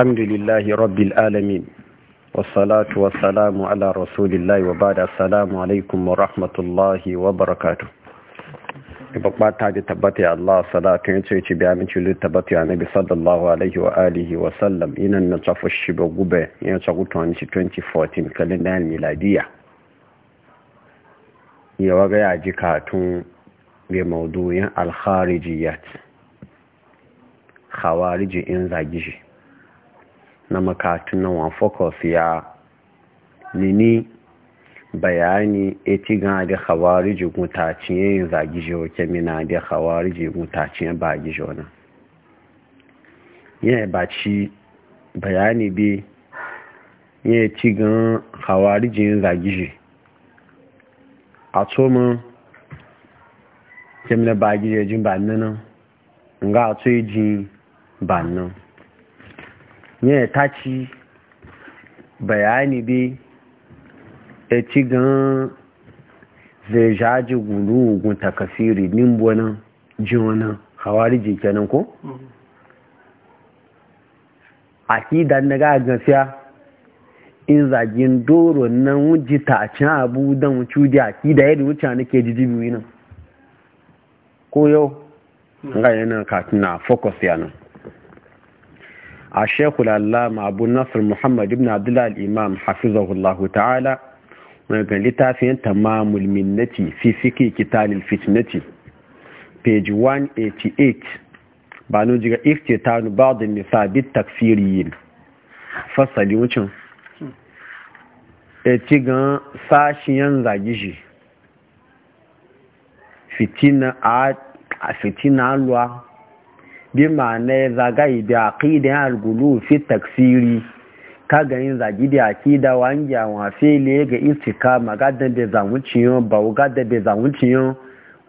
الحمد لله رب العالمين والصلاة والسلام على رسول الله وبعد السلام عليكم ورحمة الله وبركاته babba ta ji tabbata ya Allah salatu ya yace ci biya min cilu tabbata ya nabi sallallahu alaihi wa alihi wa sallam ina na tafi shi ba gube ya ci 2014 kalendar miladiya ya waga ya ji katun bai mauduyin alkharijiyat khawarijin zagi shi na makatun na wan focus ya nini bayani eti gan da khawari ji guta ciye zagi jo kemina da khawari ji guta ciye ba gi jo na ba ci bayani bi ya ci gan khawari ji zagi ji a tsoma kemina ba gi jo jin ba nana nga a tsoyi jin ba nana ya taci bayani bi ya e ci gan zai jaji gudu ogun takasiri nimbonan jiwonan hawari jikenan ko? akida daga agansiya in zagin doro nan wuji tacin abu don wuce da akida yadda wuce na ke jijibi nan ko yau hmm. ga yana katina focus yanan a shekul allama abu nasir muhammad ibn abdullahi al'imam hafizahullahu ta'ala wani kan littafin tamamul minnati fi fiki kitalil fitnati page 188 ba nun jiga ba da nisa takfiri yin fasali wucin e ci gan sashiyan zagi shi fitina a fitina luwa bi ma'ana zagaye da aqidan al-gulu fi taksiri ka kaga yin zagi da akida wa a wafe le ga istikama gadan da zamuciyon ba gadan da zamuciyon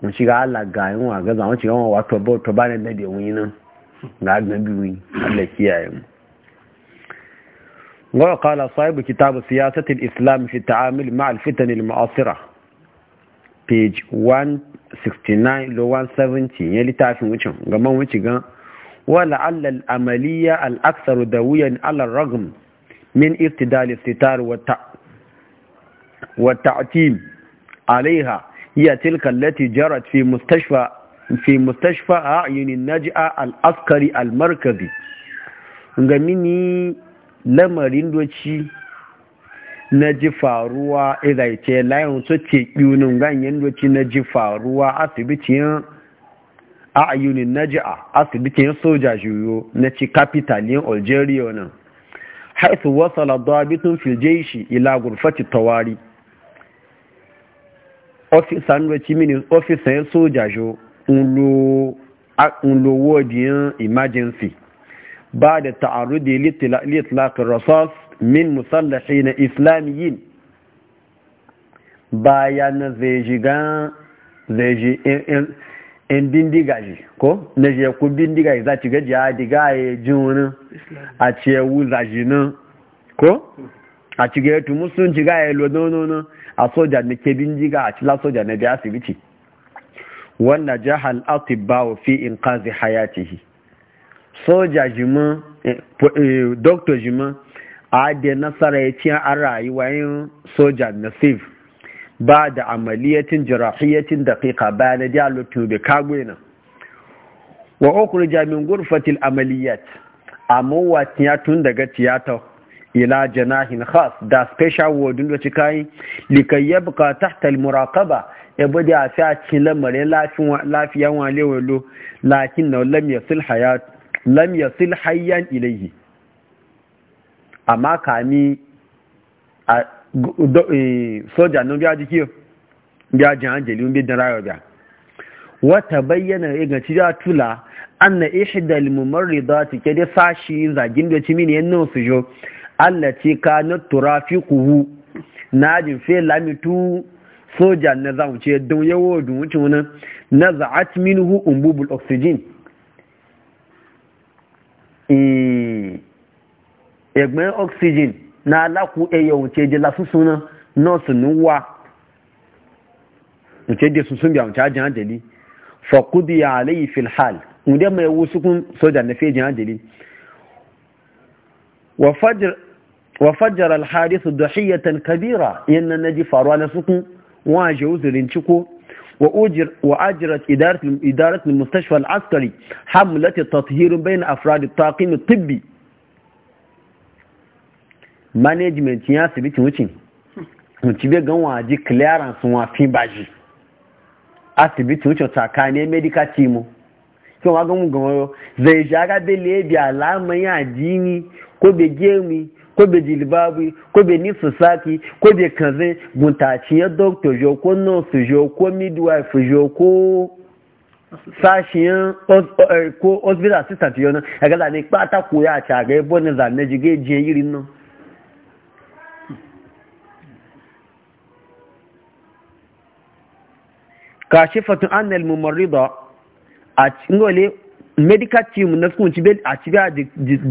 mun shiga Allah ga yin wa ga wa wato ba to ba ne da bi wani nan ga ga bi wani Allah kiyaye mu wa qala sahibu kitab siyasatil islam fi ta'amul ma'al fitan al-mu'asirah page 169 lo 170 ya littafin wucin gaman wuce gan wala allal amaliya al'aksaru da wuyan ala ragum min irtidali sitar wa ta'atim alaiha iya tilka allati jarat fi mustashfa fi mustashfa a yunin naji'a al'askari al-markazi ga mini lamarin doci na ji faruwa izaice layin su ce ƙunin ganyen doci na ji faruwa asibitin a ayyunin na ji a asibitin soja juyo na ci kapitalin algeria nan haifu wasu labdabitun filje shi ila gurfati tawari ofisan doci mini ofisan soja jo nlo wadiyan emergency ba da ta'arudi litlaqin rasas min musallahi na islamiyin bayan na zai shiga zai shi in bindiga shi ko na shi ku bindiga shi za ci gaji a diga a yi ji wani a ce wuza shi nan ko a ci tu yato ci ga ya lodonono a soja na ke bindiga a cila soja na biya asibiti wannan jihar atibawa fi in kazi hayatihi soja jima eh, eh, doktor jima adiyar nasara ya ci an rayuwa yin soja na sif ba da amaliyatin jirahiyatin daƙiƙa bayan na dialogue bai kagwe wa okuru jami'in gurfatil amaliyat amma watan ya tun daga tiyatar ila janahin khas da special wardin da cikayi likai ya buka tahta muraqaba ya bude a fi a cikin lamarin lafiyan walewalo lakin na lamya yasil ilaihi amma kami a soja nun biya jiki biya jin hanjali un bi dan rayuwa biya wata bayyana inganci ya tula an na ishidal mumarrida ta ke da sashi zagin da ci mini yannan su jo allah ce ka na turafi kuhu na jin fe lamitu soja na zamu ce don yawo dun wuce wani na za'at minhu umbubul oxygen ẹ̀gbẹ́ oxygen na alákùn ẹyọ òǹtẹ́jẹ lásùsùn náà nọ́ọ̀sì ní wà òǹtẹ́jẹ sunsun bí àwọn ajá jẹ́lí fọ̀kúdì àlẹ́ yìí filhal ǹdẹ́ mọ̀ ẹwọ́ sókún sójà ní fẹ́jì jẹ́lí wàfàjàrà alhadisu dọ̀ṣíyàtàn kabira yẹn na naji faruwa na sukun wọn àjẹ́ uzurin ciko وأجر وأجرت إدارة إدارة المستشفى العسكري حملة تطهير بين أفراد الطاقم الطبي management ya asibiti wucin wuci bai gan waji clearance wa fi baji asibiti wucin ni medical team kin wa gan gawaro zai shaga bai lebi alama ya jini ko bai gemi ko bai jilbabi ko bai nisu saki ko bai kanzai guntaci ya doctor jo ko nurse jo ko midwife jo ko sashiyan eh, ko hospital assistant yo na ga da ne pata ko ya chaga ebo ne za ne jige jiye yiri no kashifatu annal mumarrida a ngole medical team na sun ci a ci ga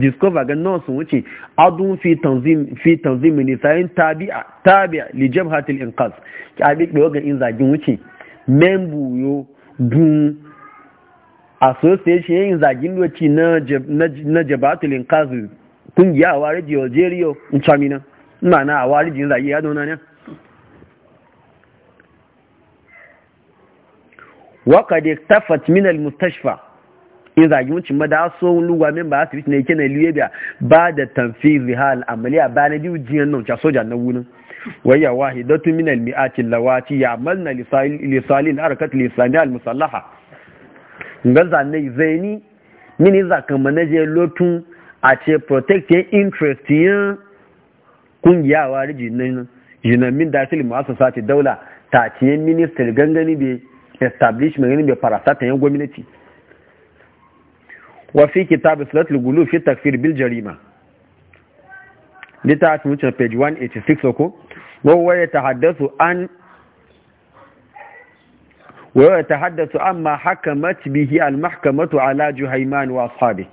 discover ga nurse wuce adun fi tanzim fi tanzim ni sayin tabi'a tabi'a li jabhatil inqaz ki abi be ga in zagin wuce membu yo dun association yin zagin wuce na na jabhatil inqaz kungiya a wari Algeria in chamina na na a wari jin zagi ya dona ne waka da tafat minal mustashfa in a wucin ma da so luwa min ba asibiti ne kenan libya ba da tanfizi hal amaliya ba na biyu jiyan nan ca soja na wunin waya wahidatu minal mi'ati lawaci ya malna lisalin harakat lisani al musallaha ga zanne zaini mini zaka manaje lotun a ce protect your interest yin kungiyawa rijin nan jinamin da fil mu'assasati daula ta ciyen ministar gangani bai establishment ne mai farasata yan gwamnati wa fi kitab salatul gulu fi takfir bil jarima littafin wucin page 186 oko wawa ya tahaddasu an wawa ya tahaddasu amma hakamat bihi al-mahkamatu ala juhaiman wa ashabi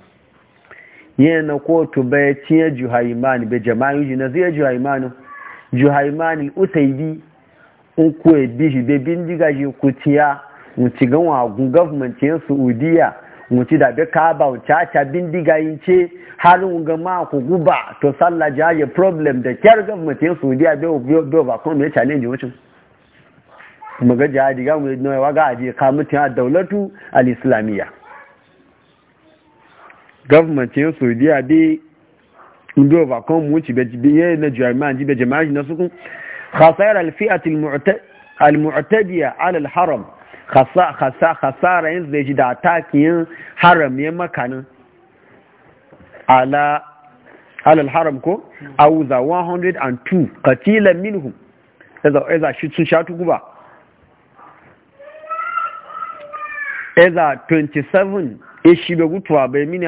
yana kotu bai ciye juhaiman bai jama'in jina zai juhaiman juhaiman utaibi uku e ya bishi bin diga shi kuciya wuci gan wagun gwamnati yan saudiya wuci da bi kaba wuci aca diga yin ce halin ga ma ku guba to sallah ja ya problem da kyar gwamnati yan saudiya bai ba kuma ya challenge wucin muga jihadi ga mu ne waga aje ka mutun a daulatu al-islamiyya government yan saudiya bi ndo ba kon mu ci be na jami'an ji be jama'a na sukun khasayar alfi'at al-mu'tadiya ala al-haram khasara yin zai ji da haram ya makanin ala al-haram 102 katilan minhum eza shi sun ba eza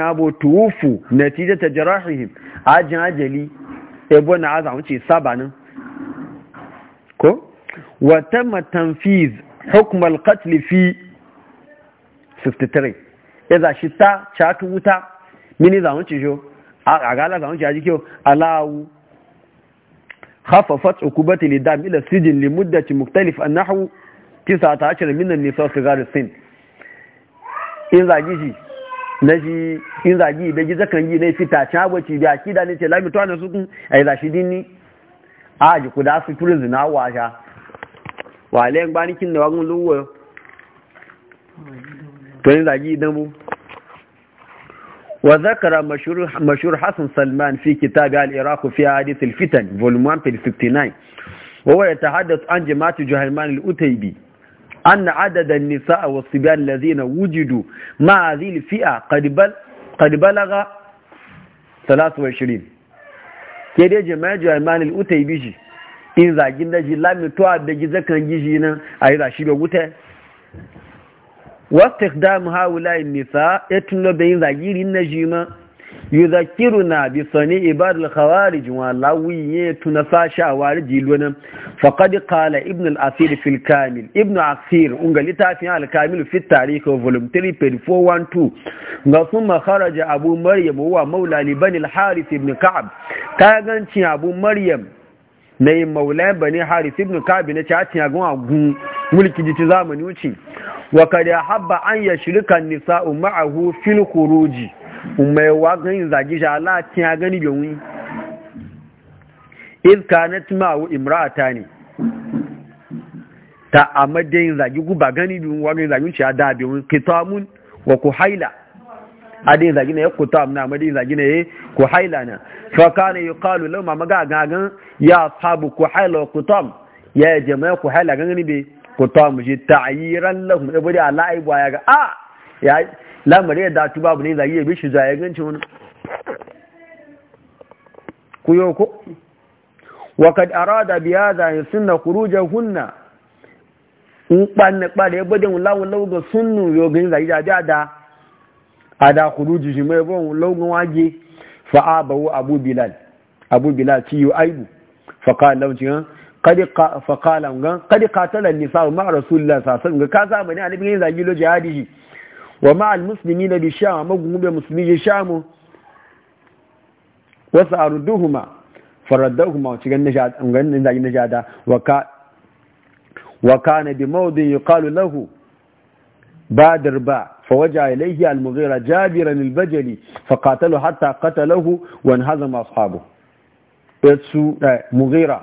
abu tuwufu natija ta jarahihim ajin ajali ebo na aza wuce sabanin wa tamma tanfiz hukm al-qatl fi 53 ya za shi ta chatu wuta mini za mu ci jo a gala za mu ci aji kiyo alawu khaffafat ukubati lidam ila sijin li muddati mukhtalif annahu 19 min an-nisa sigar sin in zagi shi na shi in zagi da gizo kan yi na fita can abuci da akida ne ce lami tuwa na sukun a yi zashi ni, a ku da su turin zina washa wà lẹ́yìn gbá ní kí ní ọgbọ́n lówó ẹ tó ní ìdàgí ìdánmú wà zákàrà mashúrù hassan salman fi kìtà bí al’iraku fi àádé Fitan vol. 159 wọ́wọ́ ya ta haddasa an jimati juhaimani utaibi an na adadan nisa a wasu biyan lazi na wujidu ma a zilfi a kadibalaga 23 ke dai jimaji juhaimani utaibi shi in zagin da ji lamitowa da gizo kan gizi nan a yi rashi da wuta wasu da mu haula in nisa ya tuno yin zagirin na ji ma yi zakiru na bi sani ibadul khawarij wa lawi ya tuna sashi a wari jilo nan faƙaɗi kala ibn al-asir fil kamil ibn asir unga littafin al-kamil fit tarihi volume 3 412 ga sun makaraja abu maryam wa maula liban al-harith ibn ka'ab ta ganci abu maryam na yi maulayen bane haris ibn kabi na cacin gun agun mulki jiti zamani wuce wa kada habba an ya shirka nisa a ma'ahu fil umma mai wa gani zagi sha ala tin ya gani bin wi iz kanat ma'u imra'atani ta amadin zagi guba gani bin wa ganin zagi ci da bin kitamun wa ku haila. adin zagi ne ya ta amna madin zagi ne ku eh, hailana na fa kana yuqalu law ma maga gagan ya sabu ku ku tom ya jama'a ku haila gagan be tom ji ta'yiran lahum bari ala ba ya ga a ah! ya lamare da tu babu ne zagi ya shi zai ganci wani ku yo ko وقد أراد بهذا يسن خروجهن in ɓanne ɓare ya bada wula wula ga sunnu yogin zai da da ada kudu shi mai bon logun waje fa abawu abu bilal abu bilal ci aibu fa qala lahu jiyan qad fa qala ngan qad qatala nisa ma rasulullah sallallahu alaihi wasallam ka zama ne annabi ne zagi lo jihadi wa ma al-muslimina bi sham ma gumbe muslimi je sham wa sa'ruduhuma faraddahuma ci gan najada gan zagi jada wa ka wa kana bi mawdin yuqalu lahu badr ba فوجع إليه المغيرة جابرا البجلي فقاتله حتى قتله وانهزم أصحابه يتسو مغيرة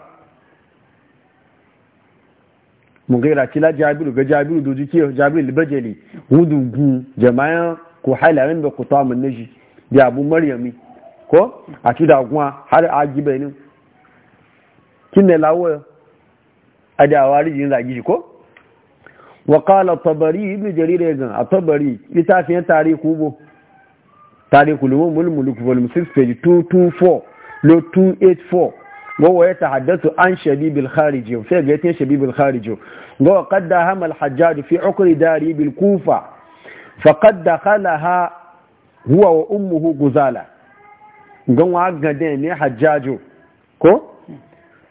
مغيرة كلا جابر جابر دو جيكي جابر البجلي ودو ودوجو جماعة كحالة عند قطام النجي دي أبو مريمي كو أكيد أقوى هذا عجيب كنا لاوه أدي أواري جنزا جيجي وقال الطبري ابن جرير jarir الطبري كتاب تاريخ litafiyan تاريخ bo tarihu في المسلس في 224 لو 284 وهو يتحدث عن شبيب الخارجي في بيت شبيب الخارجي وهو قد داهم الحجاج في عقر داري بالكوفة فقد دخلها هو وأمه غزالة قوم عقدين يا حجاج كو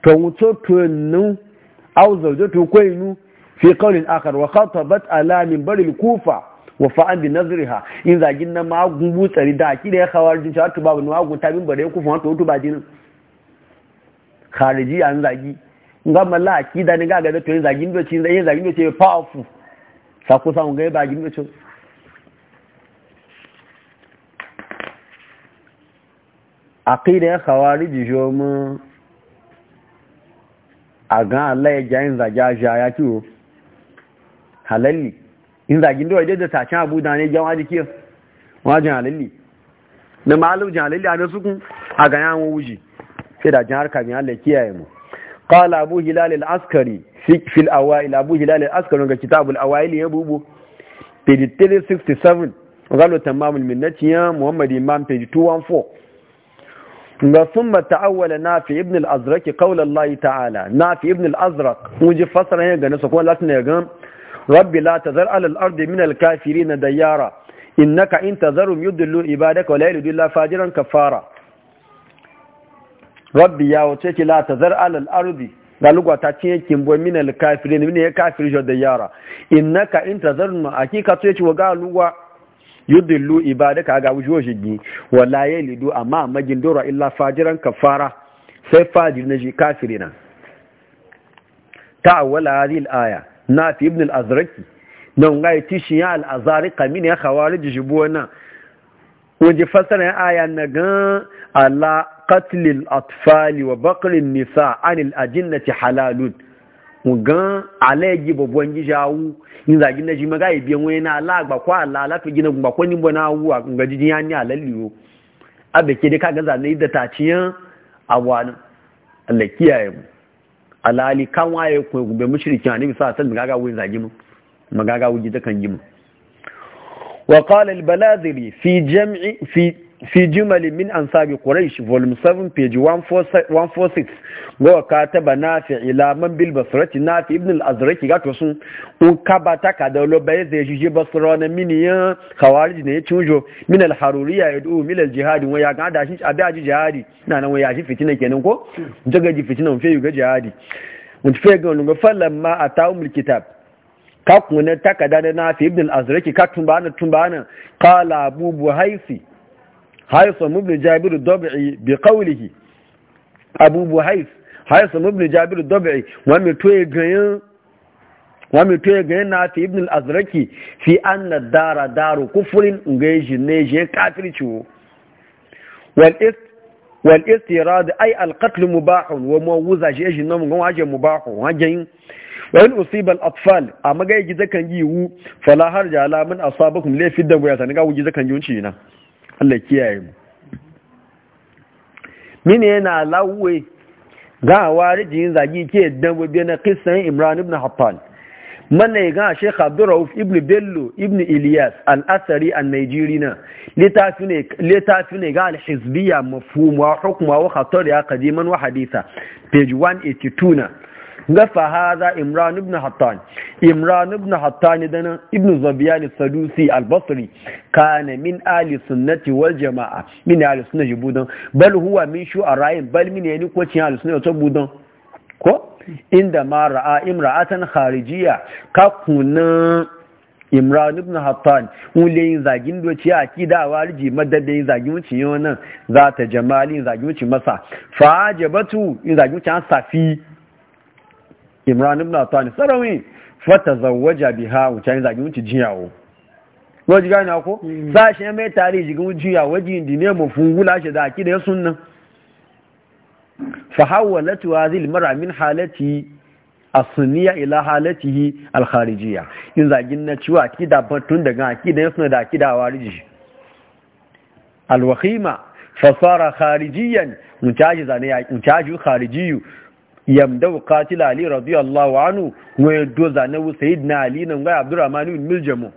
تو تو نو او زوجته كوينو fi qawlin akhar wa khatabat ala min baril kufa wa fa'an bi nazriha in zagin na magun butsari da ki da ya khawarjin ta to babu magun ta min bare kufa to to ba dinin khariji an zagi nga malla da ni ga ga to yin zagin do cin yin zagin do ce powerful sako sa ngai ba gin do ce aqida ya khawariji jo mu aga Allah ya jayin zaga ja ya kiwo halalli in zagin da waje da tashin abu da ne jawa jikiyar wajen halalli da malu jan halalli a su sukun a ga yawon wuji sai da jan harka biyan Allah kiyaye mu qala abu hilal al-askari fi al-awail abu hilal al-askari ga kitab al-awail ya bubu page 367 galo tamamul minnati ya muhammad imam page 214 ga summa ta'awwala nafi ibn al-azraq qawla Allah ta'ala nafi ibn al-azraq muje fasara ya ga nasa ko latin ya ga rabbi la tazar alal ardi min al-kafirin dayara innaka in tazarhum yudillu ibadaka wa la yalidu illa fajiran kafara rabbi ya wace ki la tazar alal ardi da lugwa ta cinye kimbo min al-kafirin min ya kafir jo dayara innaka in tazarhum hakika to yace wa galugo yudillu ibadaka ga wujo shigi wa la yalidu amma magin dora illa fajiran kafara sai fajir na shi kafirina ta'awwala hadhihi al-aya Nafi fi ibn al-azraki na ngai tishi ya al-azari kamin ya da jibu wannan waje fasara aya na ga ala qatl atfali wa bakirin nisa an ajinnati halalun ga alaji babban gijawu in zagi na ji maga biyan wani na ala agba ala ala gina gumba ko wu a ga ya ni alalliyo abeke dai kaga yi da taciyan abuwa nan Allah kiyaye alali kan waye ku be mushrikin annabi sa sallallahu alaihi wasallam gaga zagi mu magaga wuji da kan mu wa qala al baladhi fi jam'i fi fi jimali min an sabi quraish volume 7 page 146 wa kataba nafi ila man bil basrati nafi ibn al azraki to sun un kabata ka da lo bai zai jije basra na min ya khawarij ne tujo min al haruriya yadu min al jihad wa ya gada shi abi aji jihadi na nan waya shi fitina kenan ko daga ji fitina mun fe ga jihadi mun fe ga falla ma atau mul kitab ka kuna takada na nafi ibn al azraki ka tumbana tumbana qala abu buhaisi haisan ibn jabir dabi'i bi qawlihi abubu buhais haisan ibn jabir dabi'i wa mai toye ganyen wa mai toye ganyen na fi ibn al-azraki fi anna dara daru kufrin ngai ne je kafirci wal ist wal istirad ay al qatl mubah wa mawuza je je nan gwan waje mubah wajen wayan usiba al atfal amma ga yi zakan yi wu fala harja ala min asabakum lafi da goya tan ga wuji zakan yi wuci na Allah kiyaye mu mini yana lawwe ga warijin zagi ke dan gobe na kisan Imran ibn Hattan mana ga Sheikh Abdurrauf ibn Bello ibn Ilyas al a al-Nigerina ne ga al-hizbiyya mafhum wa hukma wa ya qadiman wa haditha page 182 na Gafa fahaza imran ibn hattan imran ibn hattan dana ibn zabiyan sadusi al-basri kana min ali sunnati wal jamaa min ali sunnati budan bal huwa min shu'ara'in bal min yani ko cin ali sunnati budan ko inda ma ra'a imra'atan kharijiya ka kuna imran ibn hattan le yin zagin doci a kida warji madadda yin zagin wuci yau nan za ta jamali yin zagin wuci masa fa jabatu yin zagin wuci an safi imran ibn atani sarawi fata zawaja biha wucin zagi wuce jiyawo ko ji gane ko sa mm. shi mai tare jigin wuciya waji indi ne mu fungula shi da akida ya sunna fa hawalat hadhihi almar'a min halati asniya ila halatihi alkharijiyya in zagin na ciwa akida batun daga akida ya sunna da akida wariji alwakhima fa sara kharijiyan mutaji zane mutaji kharijiyu yamdau qatil ali radiyallahu anhu we doza na sayyidina ali nan ga abdurrahman ibn miljamu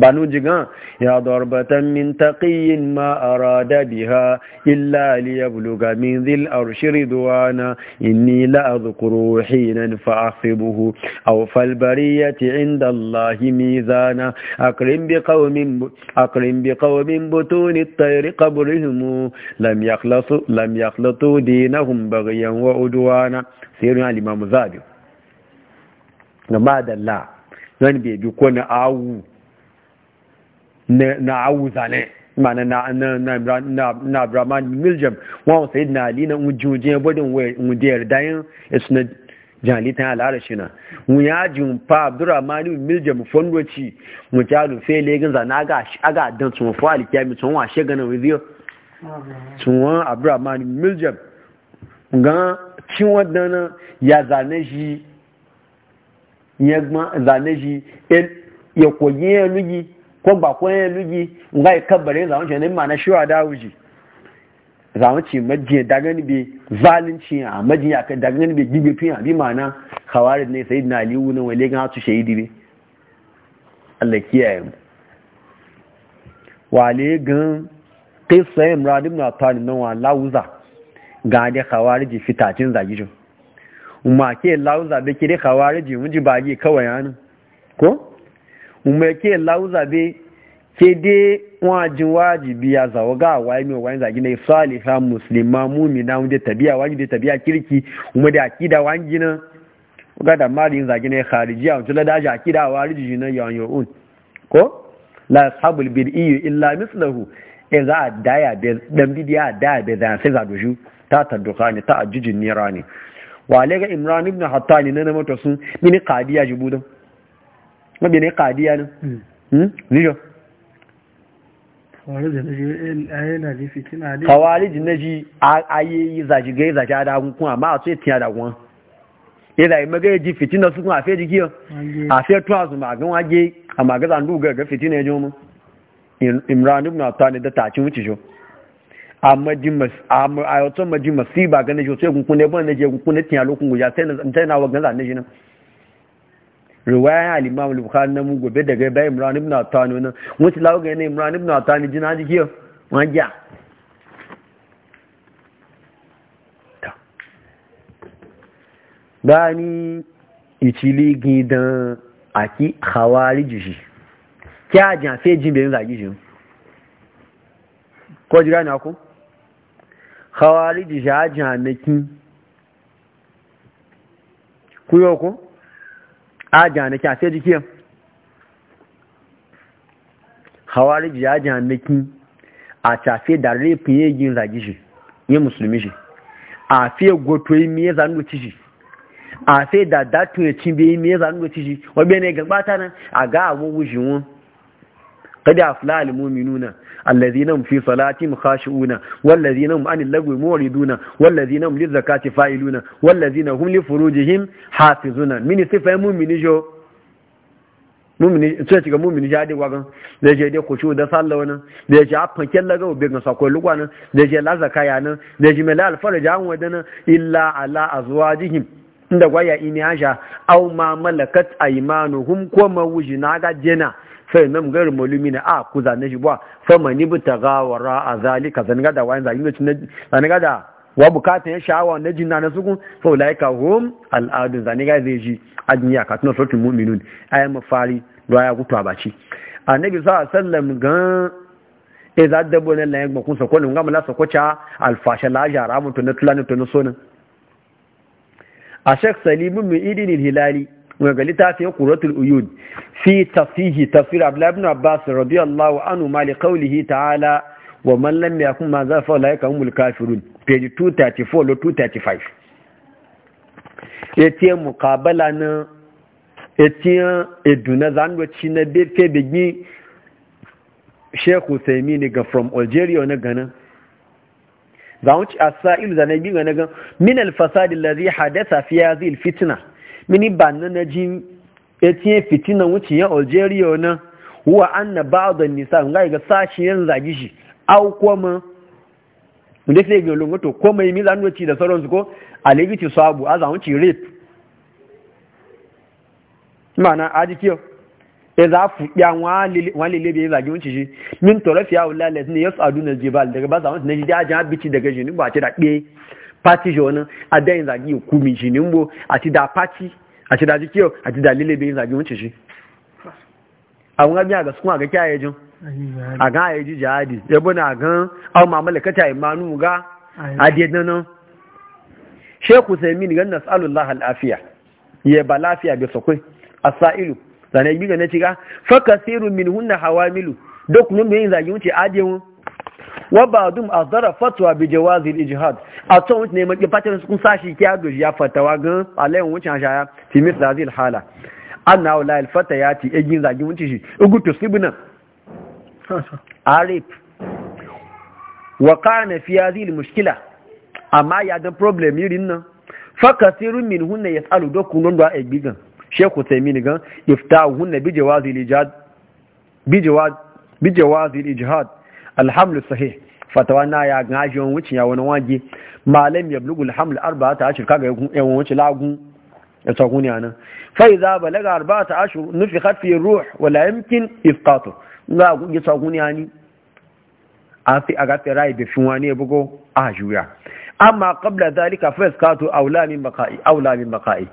banu jiga ya darbatan min taqiyin ma arada biha illa liyabluga min dhil arshi ridwana inni la adhkuru hinan fa'asibuhu aw fal bariyati inda allahi mizana akrim bi qaumin akrim bi qaumin butun at-tayr qabrihim lam yakhlasu lam yakhlatu dinahum baghyan wa udwana sai ruwa limamu zabi gama da la bai bi ko na awu na awu zane mana na na na na abraman miljam wọn sai na ali na bodin shi na mu ya abdurrahman miljam fondoci rufe legin zana ga aga dan tun alkiyami tun wa shegana tun wa abdurrahman miljam ga cin waɗannan ya zane shi e ya zane shi ya koyi ya lugi ko ba ko ya lugi ga ya kabbare zama shi ne mana shiwa da wuji zama ci majiya dagani bi zalunci a majiya ka dagani bi gibe a abi mana kawarin ne na liwu na wale ga su shahidi ne Allah kiyaye mu wale gan qissa imran e na atani nan wa lawuza ga da khawariji fitacin zagijin umma ke lauza be kire khawariji muji ji bagi kawai anu ko umma ke lauza be ke de wajin wajibi ya zawo ga wai mi wai zagi ne saliha muslima mu'mina mun tabiya wani de tabiya kirki umma da akida wani na ga da mari zagi ne kharijiya mun da da akida wariji na yan un ko la sabul bid'i illa mislahu e za a daya be dan bidiya da zan sai za doju ta tadduka ne ta ajijin nera ne wa ga imran ibn hattani na mata sun mini qadiya jibudan mabi ne kadiya ne hmm, hmm? nijo kawalijin na ji eh, eh, ayeyi zaji gai zaji adagun kun amma a tsoye tiya dagun yadda yi maga ji fitina su kun a fe jiki a fe tuwa su magan wage a magaza ndu ga fitina ya jomu imran ibn hattani da tacin wuce shi a a yato maji masiba gane shi sai gunkune ban nake gunkune tiya lokun guja sai na na ganza ne shi nan riwayan al-imam al-bukhari na mu gobe daga bai imran ibn atani wannan wuce lawo ga ne imran ibn atani jina jikiyo wajiya gani ìtìlí gindan àti àwárí jìṣì kí àjàn fẹ́ jíǹbẹ̀rin làjíṣì kọjú ránà kún khawariji ja janaki ku yau ku a janaki a sai jikiyan khawariji ja janaki a tafe da rafin yagin zagi shi yin musulmi shi a fiye goto yi miye zanu ci shi a sai da datun ya cin biyi miye zanu ci shi wabe ne gabata nan a ga abubuwan shi won kada a fula alimu minuna الذين hum fi salatihim khashi'una wallazina hum anil lagwi muriduna wallazina hum lizakati fa'iluna wallazina hum li furujihim hafizuna mini sifa mu'mini jo mumini sai shiga mumini jadi wagan da je dai kushu da sallah wannan da je a fanke ga ubin ga sakoi lugwa nan da je la zakaya nan da je mala alfarja an wadana illa ala azwajihim inda gwaya ini aja aw ma malakat aymanuhum ko mawujina ga jena sai nan gar malumi na a ku zane shi ba fama ni bi taga wara a zalika zan gada wani zalimi na zan gada wa bukatan ya sha'awa na jinna na sukun fa ulaika hum al'adun zane ga zai ji a duniya ka tuna sautin mu'minun ayan mafari da ya kutu a baci annabi sallallahu alaihi wasallam gan e za da bone la yagba kun sako ne ngam la sako cha alfasha la jara mun to na tulani to na sonin a shek salimu mu hilali ga littafin kuratul uyud fi tasihi tafsir abdullahi ibn abbas radiyallahu anhu ma li ta'ala wa man lam yakun ma za fa la yakumul kafirun page 234 lo 235 e yace muqabala na e yace eduna zanwa na be ke bigi ga from Algeria na gana zawuci asailu zanabi ga na gan min al-fasad alladhi fi mini banna na jin etinye fitina wucin ya algeria na huwa anna ba'dhan nisa ga ga sashi yan zagi shi au kuma inda sai ga lungo to koma yi mizan wuci da sauran su ko alegiti sabu azan wuci rape mana adikiyo ya e za fu ya wani lele ya zagi wuci shi min torafiya wula lalata ne ya su aduna jibal daga ba sa wani na shi dajin abici daga shi ni ba ce da ɗaya pati jona adayin zagi mi shi nimbo ati da pati ati da jikiyar ati da lilebe zagi wuce shi àwọn gbábí àgàsùkún àgẹ́kẹ́ ayẹjọ́ àgán ayẹjú jihadi aw ma àwọn kata imanu ga adẹ́dáná sheku sami ni ganin asalullah al'afiya yẹ ba lafiya bi sakwai asailu zane gbiga na ciga fa kasiru min hunna hawa milu dokunan mai yin zagi wuce adewun ba wa ba'dum azdara fatwa bi jawazi al-ijhad a to mutane mai fatar sun sashi kiya do ya fatawa gan alayin wucin shaya fi misl hadhihi al-hala anna la ya fatayati egin zagi wucin shi ugutu sibna arif wa kana fi hadhihi al-mushkila amma ya dan problem yirin nan fa kasirun min hunna yas'alu dokunan da egbigan sheku taimini gan ifta hunna bi jawazi al-ijhad bi jawazi al-ijhad alhamdu sahih fatawa na ya gaji wani wucin ya wani waje malam ya blugu alhamdu arba ta ashir kaga yawan wuce lagun ya tsaku ne anan fai za balaga arba ta ashir nufi hafi ruh wala yamkin ifqatu za ku ya tsaku ne ani a fi a gafe rai da fi wani ya bugo a juya amma kabla zalika fa iskatu aula min baqa'i aula min baqa'i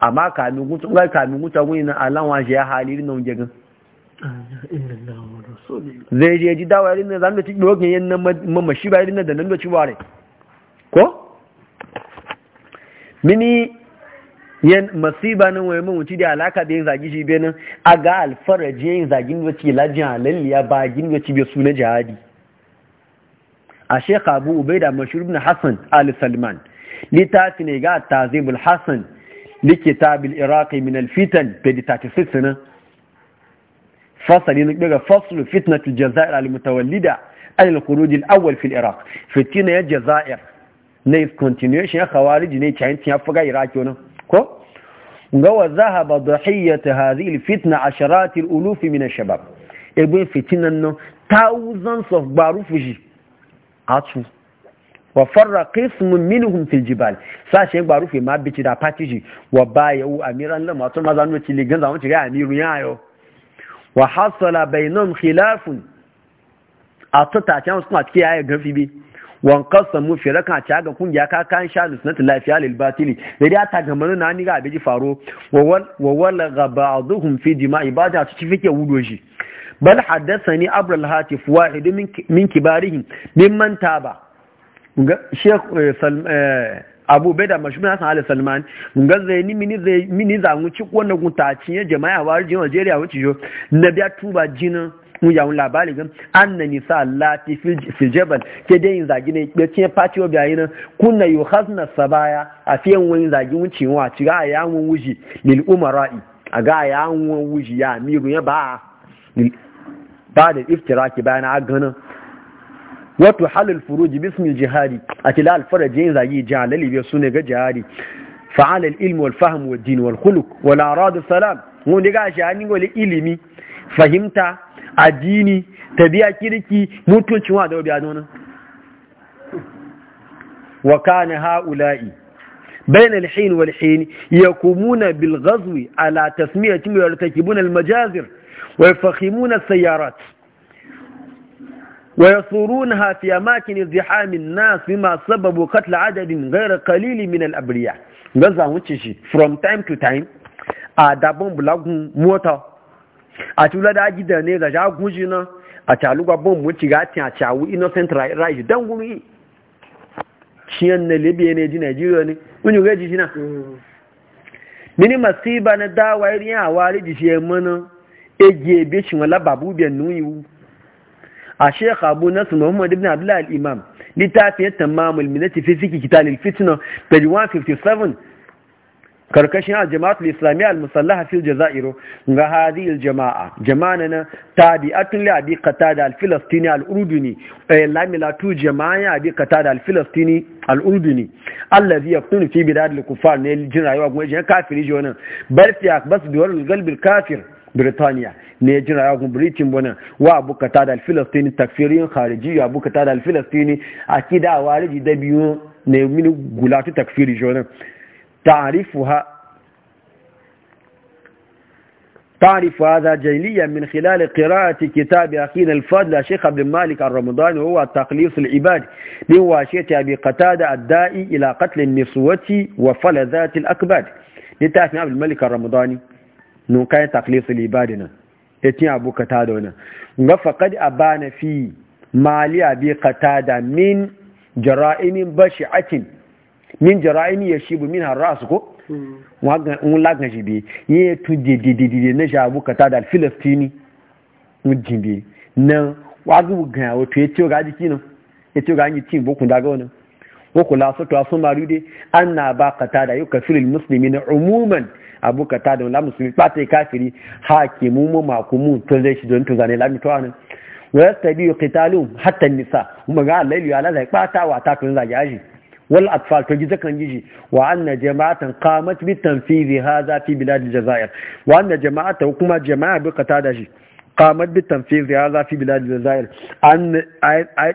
amma kamin gutu kamin gutu ne na alan waje ya haliri nan jegan zai je ji dawa yarin nan da cikin dokin yin nan mamashi ba yarin nan da nan da ci bare ko mini yan masiba nan wani mamaci da alaka da yin zagi shi benin a ga alfaraje yin zagin da ke lajin halalliya ba gini da ci be suna jihadi a shekha abu da mashur ibn hassan al salman littafi ne ga tazibul hassan likitabil iraqi min al fitan 36 nan fasali na daga faslu fitnatul jazair al-mutawallida an al-khuruj al-awwal fi jazair na continuation ya khawarij ne chain ya fuga iraq wannan ko ga wa zahaba dhahiyat hadhihi al-fitna asharat al-uluf min ash-shabab egbe fitinan no thousands of gbarufuji atu wa farra qismun minhum fil sashen gbarufe ma bici da patiji wa bayu amiran lamma to mazanu ci ligan zamu ci ga amiru yayo wa hasala bainum khilafun a ta tace suna kuma cikin yaya gafi bi wan qasamu fi raka ta ga kungiya ka kan sha da sunnatu lafiya lil batili da ya ta gamar na ni ga abiji faro wa wal wa ba'dhum fi jima'i ba ta ci fike wudo shi bal haddathani abul hatif wahid min kibarihim mimman taba abu bai da mashi minasan ala salman nga zai ni mini zai mini za mu ci wanda guta cinye jama'a wa arjin Najeriya wuce jo na biya tuba jinin mu yawun labari gan an na nisa lati fil jabal ke dai zagi ne ya cinye fati wa biyayi kunna yu hasna sabaya a fiyan wani zagi wuce wa ci ga ya mun wuji lil umara'i a ga ya mun wuji ya ya ba ba da iftiraki bayan a ganin wato halal furuji bismil jihadi a tila alfaraji yin zagi jihalali biyar su ne ga jihadi fa'alal ilmi wal fahim wal dini wal kuluk wal arad salam mun diga shi ilimi fahimta addini tabiya kirki mutuncin wa da biya nuna wa kana haula'i بين الحين والحين يقومون بالغزو على تسمية ويرتكبون المجازر ويفخمون sayarat. ويصورونها في أماكن ازدحام الناس مما سبب قتل عدد غير قليل من الأبرياء غزا وتشي from time to time a dabon bulagun mota a tula da aji da ne ga jagun na a taluga bon muci gatin a innocent right dan gumi ciyan libya ne ji nigeria ne wani gaji shi mini masiba na dawa irin a wari ji shi mana ege ebe shi wala babu biyan nuyi a sheikh abu nasir muhammad ibn abdullahi al-imam littafin tamamul minati fi siki kitalil fitna page 157 karkashin al al islamiyya al-musallaha al ga hadi al-jama'a jama'a na tabi'atun li abi qatada al-filastini al-urduni ay eh, lamila tu jama'a abi qatada al-filastini al-urduni allazi yaqtun fi bidad al-kuffar ne jin rayuwa gwaje kafiri jona bal fi akbas duwar al-qalb al-kafir بريطانيا يا يكون بريتش بنا وابو كتاد الفلسطيني تكفيرين خارجي وابو كتاد الفلسطيني اكيد اوارج دبيو نمين غلاتي تكفيري جونا تعرفها تعرف هذا جيليا من خلال قراءة كتاب أخينا الفضل الشيخ عبد المالك الرمضاني وهو تقليص العباد من واشية أبي قتادة الدائي إلى قتل النسوة وفلذات الأكباد لتأثني عبد الملك الرمضاني nun kai taklisu libadina ya ci abu kata da wannan ga ba na fi mali abi kata da min jara'imin bashi'atin min jara'imi yashibu min har rasu ko wọn hmm. lágan ya tu yíyẹ na shi abu kata da filistini ń biyu. na ya wágùn gan ya etí ọ̀gá jí kí náà etí ọ̀gá yìí tí ìbókun dágọ́ maru dai an na ba kata da kàtàdà ka filin musulmi na umuman abu ta da la musulmi ɓata ya kafiri hakimu mu mu tun zai shi don tun zane la mito anan ta biyu qitalu hatta nisa kuma ga lailu ya la ɓata wa ta tun zage wal atfal to gizo kan gizi wa anna jama'atan qamat bi tanfizi hadha fi bilad al jazair wa anna jama'atan kuma jama'a bi qata da shi kamar bi tamfiz ya zafi bilad jazair an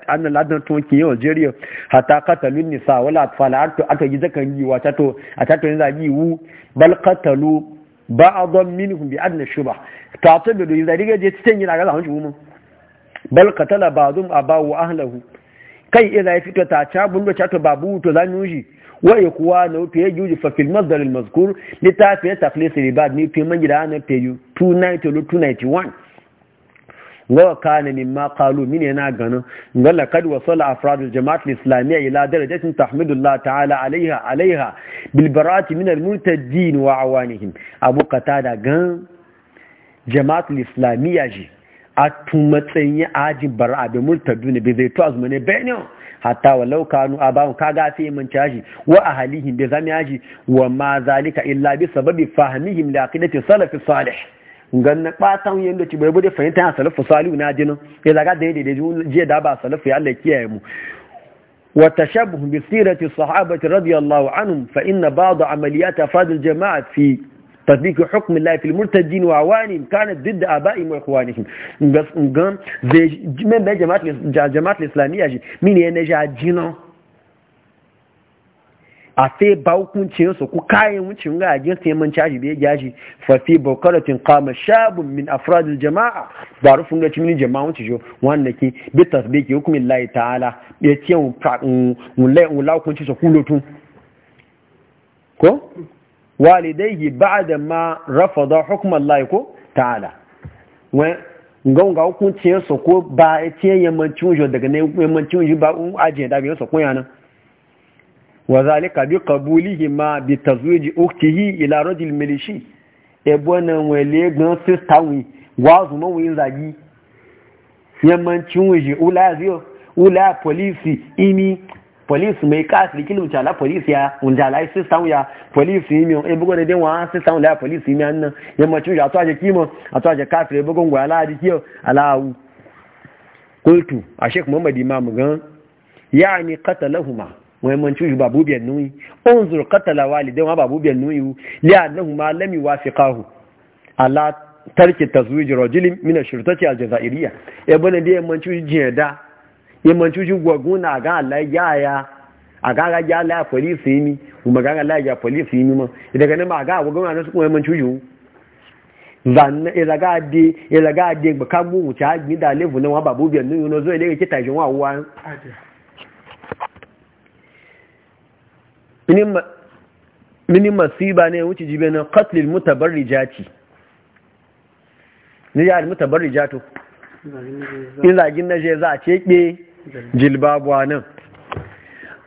an ladan to ki yau algeria hatta qatalun nisa wala atfal arto aka yi zakan yi wata to a tato yanzu yi wu bal qatalu ba'dhan minhum bi adna shubah ta to bi yanzu diga je cikin yana ga zamu mu bal katala qatala ba'dhum abahu ahlahu kai idan ya fito ta ca bundo ca to babu to zanu shi wa ya ikuwa na wufe ya juji fafil mazdar al-mazkur littafi ya taklisi ribad ni fi man gida na peyu 290 291 wa kana mimma qalu min yana ganin ga laqad wasala afradul jama'at islamiyya ila darajatin tahmidullah ta'ala alayha alaiha bil bara'ati min al wa awanihim abu qatada gan jama'at islamiyya ji a tumatsayin ajin bara'a da murtaddu ne bai zai hatta walau kanu abawun kaga sai mun caji wa ahalihi da zamiyaji wa ma zalika illa bi sababi fahmihim li aqidati salaf salih ganna batan yanda ci bai e bude fahimta salafu salihu na jinin ya e zaga da yadda jiya da ba salafu ya Allah kiyaye mu وتشبه بسيرة الصحابة رضي الله عنهم فإن بعض عمليات أفراد الجماعة في تطبيق حكم الله في المرتدين وعوانهم كانت ضد آبائهم وإخوانهم بس نقام زي جماعة الإسلامية من ينجع جنو a fe ba hukunci su ku kayan wucin ga ajin sai man caji bai gaji fa fi kama qama shabun min afradin jama'a ba rufin ga cimini jama'a wuce jo wanda ke bi tasbiki hukumin layi ta'ala ya ce mu lai mu la hukunci su kulotun ko walidayhi ba'da ma rafada layi Allah ko ta'ala wa ngonga hukuncin su ko ba ya ce yamman cimini daga ne yammancin jo ba ajin da bai su ko yana wa zalika bi qabulihi ma bi tazwij ukhtihi ila rajul milishi e bona wele gan sister wi wa zuma wi zagi yamman cinwiji ula zio ula polisi imi polisi mai kasiri kilim cala polisi ya unjala sister ya polisi imi e bugo de wa sister ula polisi imi annan yamman cinwiji ato aje kimo ato aje kasiri bugo ngwa ala di kiyo ala qultu a sheikh muhammad imam gan yani qatalahuma muhimmanci shi babu biyan yìí unzur qatala walidain wa babu biyan nuyi li annahu ma lam yuwafiqahu ala tarki tazwij rajulin min ash-shirtati al-jazairiyya e bane da yammanci jeda yammanci shi gwaguna ga Allah ya ya a gaga ya la police ni kuma gaga la ya ni ma daga nan ma ga gwaguna na mini masiba ne wuce jibe na katlil mutabarrijati ni ya mutabarrijato in zagin na je za a ceke jilbabuwa nan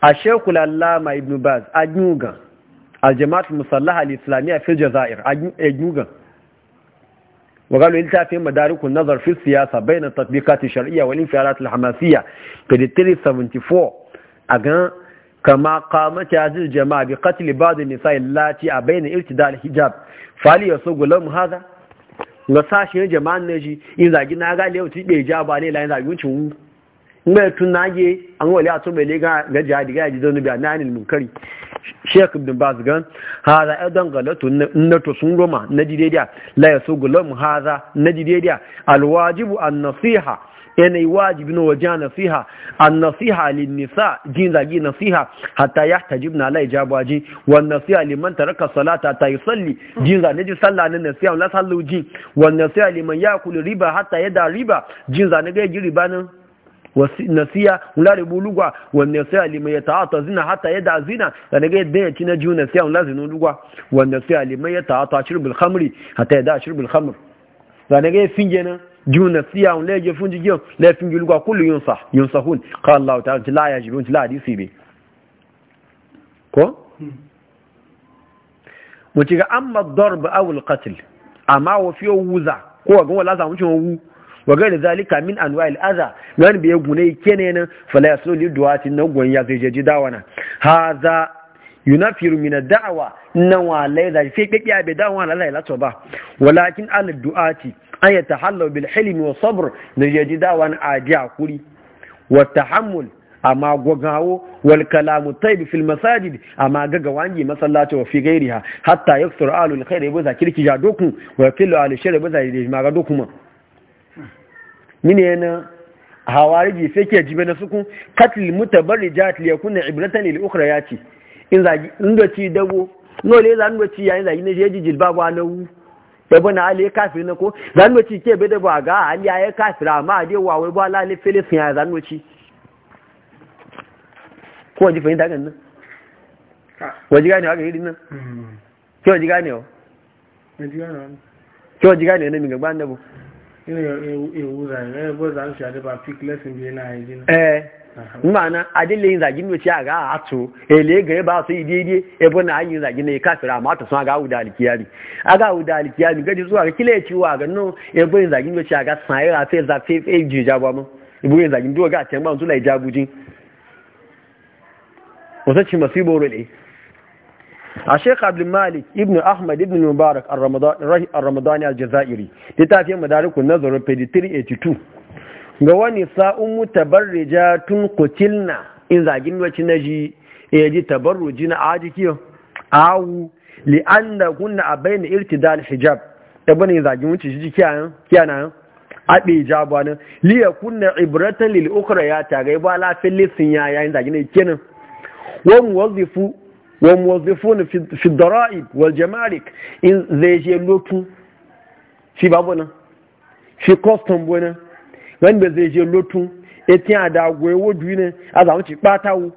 a shekul allama ibn baz a gnugan aljama'at musallaha al-islamiyya fil jazair a gnugan وقالوا التافين مدارك النظر في السياسة بين التطبيقات الشرعية والانفعالات الحماسية في 374 أغان kama qamat hadhihi jama'a bi qatl ba'd an-nisa'i irtida hijab fali yasugu lahum hadha ga sashen jama'an ne shi in zagi na ga lewa tibe hijaba ne lai zagi wucin mai tunage an wali a tun mai lega ga jihadi ga yaji zanubi a nanil munkari shek ibn baz gan haza ya don galatu na to sun roma na jidediya la ya so gulam haza na jidediya alwajibu a nasiha yanayi wajibi na wajen nasiha an nasiha lin nisa jin zagi nasiha hatta ya tajib na lai jabaji wan nasiha liman taraka salata ta yi salli jin zane ji sallah na nasiha wala sallu ji wan nasiha liman ya kuli riba hatta ya da riba jin zane ga yi riba nan nasiya wula ribu lugwa wan nasiha liman ya ta'ata zina hatta ya da zina zane ga yadda ya ci na ji nasiha wala zinu lugwa wanne nasiha liman ya ta'ata shirbul khamri hatta ya da shirbul khamr zane ga yi finge nan juna siya un leje funji giyon laifin gilgwa kullu yunsa yunsahun qala allah ta'ala la yajibun la hadisi bi ko mutu ga amma darb aw al amma wa wuza ko ga wala za mu ci wu wa ga zalika min anwa al adha nan biye gune kenenan fala yasulu duwati na gon ya ga jeji dawana hadha yunafiru min ad-da'wa nawala da fi kike abi dawana la ilaha ba walakin al du'ati an ta tahallau bil hilmi wa sabr na yaji dawan aji kuri. wa hamul amma gwagawo wal kalamu taibi fil masajid amma gaga wangi masallaci wa fi ha hatta yaksur alul da ya baza kirki ya dokun wa fil al shar yabo za dokun ma ga dokuma mine na hawariji sai ke jibe na sukun katil bari li yakuna ibratan lil ukhra yati in za in da ci dago nole le za ndo ci yayin yi jilba ba na wu ebe na ali kafiri na ko zanwaci ke ba ga ali amma wa wai ba ya ko waje fahimta kan nan waje gane wa ga irin nan ke gane wa ke gane na mi gaba an dabo ina ne bo zan shi ade ba bi na idina eh ma'ana adille yin zagin mace a ga a to ele ga ba su yi daidai ebo na yin zagin ne kafira amma to sun ga wuda alkiyami a ga wuda alkiyami gadi zuwa ga kila ciwa ga no ebo yin zagin mace a ga sai ra fe za fe fe ji jabo mu ebo yin zagin do ga tan ba su lai jabuji wata ci masibo role a sheikh abdul malik Ibnu ahmad ibn mubarak ar-ramadani al-jazairi littafin madarikun nazarin 382 ga wani sa'un mu tabarrija tun kutilna in zagin wace na ji ya e ji tabarruji na aji kiyo li’an li'anda kunna a irti irtidal hijab Ya e bani zagin wuce shi kiyana aɓe jabuwa nan liya kunna ibratan lil ukra ya taga e ya ba lafin lissin ya yayin zagin kenan wani wazifu Wan wazifu na fidarai wal jamarik in zai je lotu shi babu nan shi custom bu nan wanda zai je lotu etin ada goye wodu ne a zamu ci patawu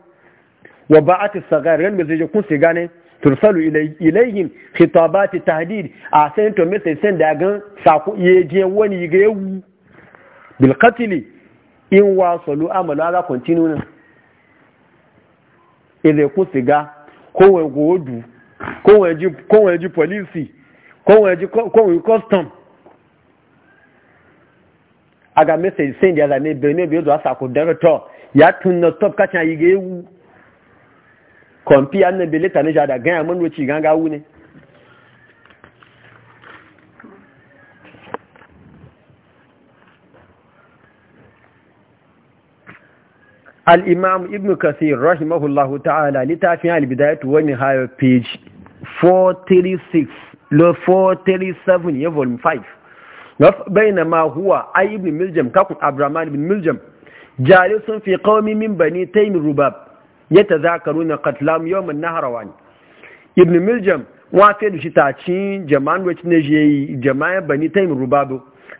wa ba'ati sagar wanda zai je kun siga ne tursalu ilayhim khitabati tahdid a sai to me sai sai da gan sako ye je wani ga yawu bil qatl in wa wasalu amalu ala continue ne ile kun siga ko wai godu ko wai ji ko wai ji police ko wai ji ko wai custom aga message send ya zame bere mebe zo asa ko director ya tunna top kacha yige wu kompi an be leta ne jada gan amon wo ci ganga wu ne الإمام ابن كثير رحمه الله تعالى لتعفي البداية والنهاية page 436 لو 437 volume 5 بين ma huwa ay ibn miljam kakun عبد ibn miljam ملجم fi في min bani بني تيم الرباب يتذاكرون yawm an-nahrawan ibn miljam wa fe shi ta ci jama'an wacce ne je jama'an bani taym rubab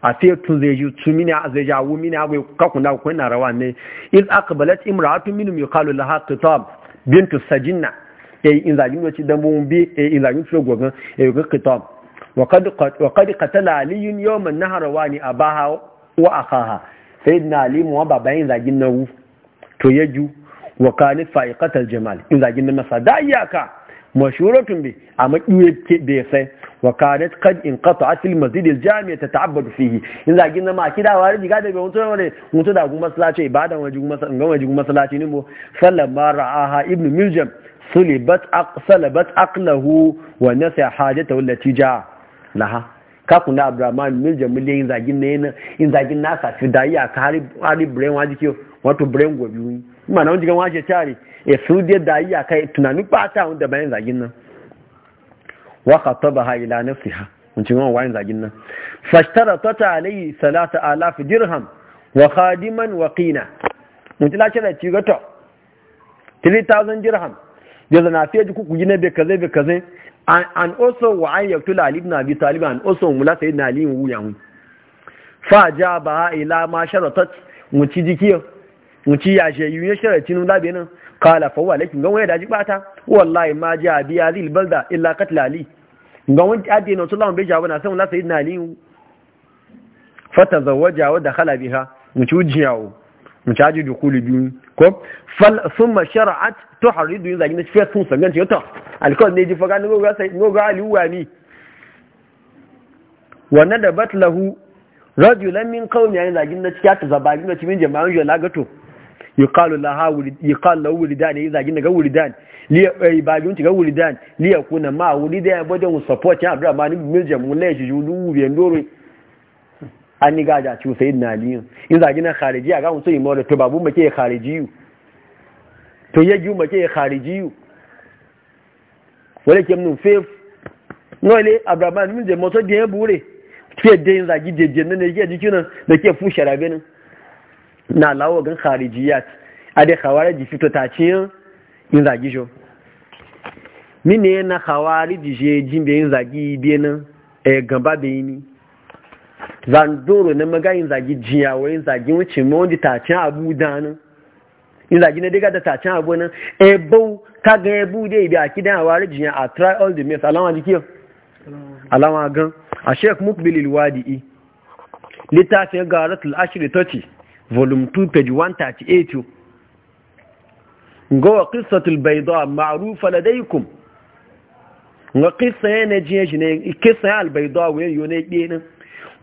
a sai tun zai ji tun mini a zai jawo mini agwai kakun da kuwa na rawa ne iz aqbalat imra'atun minhum yuqalu laha ta bint sajinna wacce dan wa kadi kata la aliyun na harawa a baha wa kaha sai na wa baba yin zagin na wu to ya ju wa ka ni fa'i katar jamal in zagin na masa da iya ka mashuro tun bi a maɗuwe da ya sai wa ka ni kadi a fili mazidi jami ta ta'abba da in zagin na ma a kidawa a riga da biyu tun wani mutu da gumas lace wani gumas lace ni mu sallan ma ra'aha ibnu miljam sulibat aklahu wa nasa hajjata wadda ti ja'a laha kaku na abdurrahman mil jamil yin zagin ne na in zagin na sa fi dayi aka hari hari brain waji ke wato brain gobi wuni ma na wajen waje tare e su da dayi aka tunanin bata wanda bayan zagin nan wa ha ila nafsiha mun ci wannan wayan zagin nan fashtara tata alayhi salata alaf dirham wa khadiman wa qina mun ci lace da ci gato 3000 dirham da na fiye ji kuku gina be kaze be kaze and also wa an yaktula ali ibn abi talib and also mula sayyidina ali wu yawun fa ja ba ila ma sharatat muci jikiyo muci ya she yuye sharatin labe nan kala fa walakin gan waya daji bata wallahi ma ja bi azil balda illa qatl ali gan wani ade no sallallahu alaihi wasallam sai mula sayyidina ali fa tazawwaja wa dakhala biha muci ujiyawo mucaji dukuli biyu ko fal summa shar'at tuharidu yin zagin fiye sun sangan ce ta alkawar ne ji faga ni goga sai goga aliwa ni wannan da batlahu rajulan min qawmi yayin zagin na cikin ta zabagin na cikin jama'an jola gato yuqalu laha yuqalu lahu wuridan yayin zagin daga wuridan li ibadun tiga wuridan li yakuna ma wuridan ya bodon support ya abdurrahman bin miljam mulai shi judu bi ndoro an ni gaja ci sai na aliyu in zagi na khariji a ga mutum yi mawala to babu make ya khariji yu to ya giyu make ya khariji yu wale ke mun fe nole abraman mun je moto de bure ke de in zagi je je nan yake jikin nan da ke fu sharabe nan na lawo gan kharijiyat ade khawariji fito ta ci in zagi jo mine na khawariji je jimbe in zagi bi nan e gamba be ni zandoro na magayin zagi jiya wa yin zagi wuce ma wanda tacin abu danin yin zagi na daga da tacin abu nan ebo ka ga ebo da ibi a kidan a wari jiya a try all the mess alama jiki alama gan a sheik mukbil ilwadi'i littafin garatul ashirin toci volume 2 page 138 ga wa qissatul ma'arufa ma'rufa ladaykum ga qissa yana jiya shi ne qissa al wuyan yi wani yana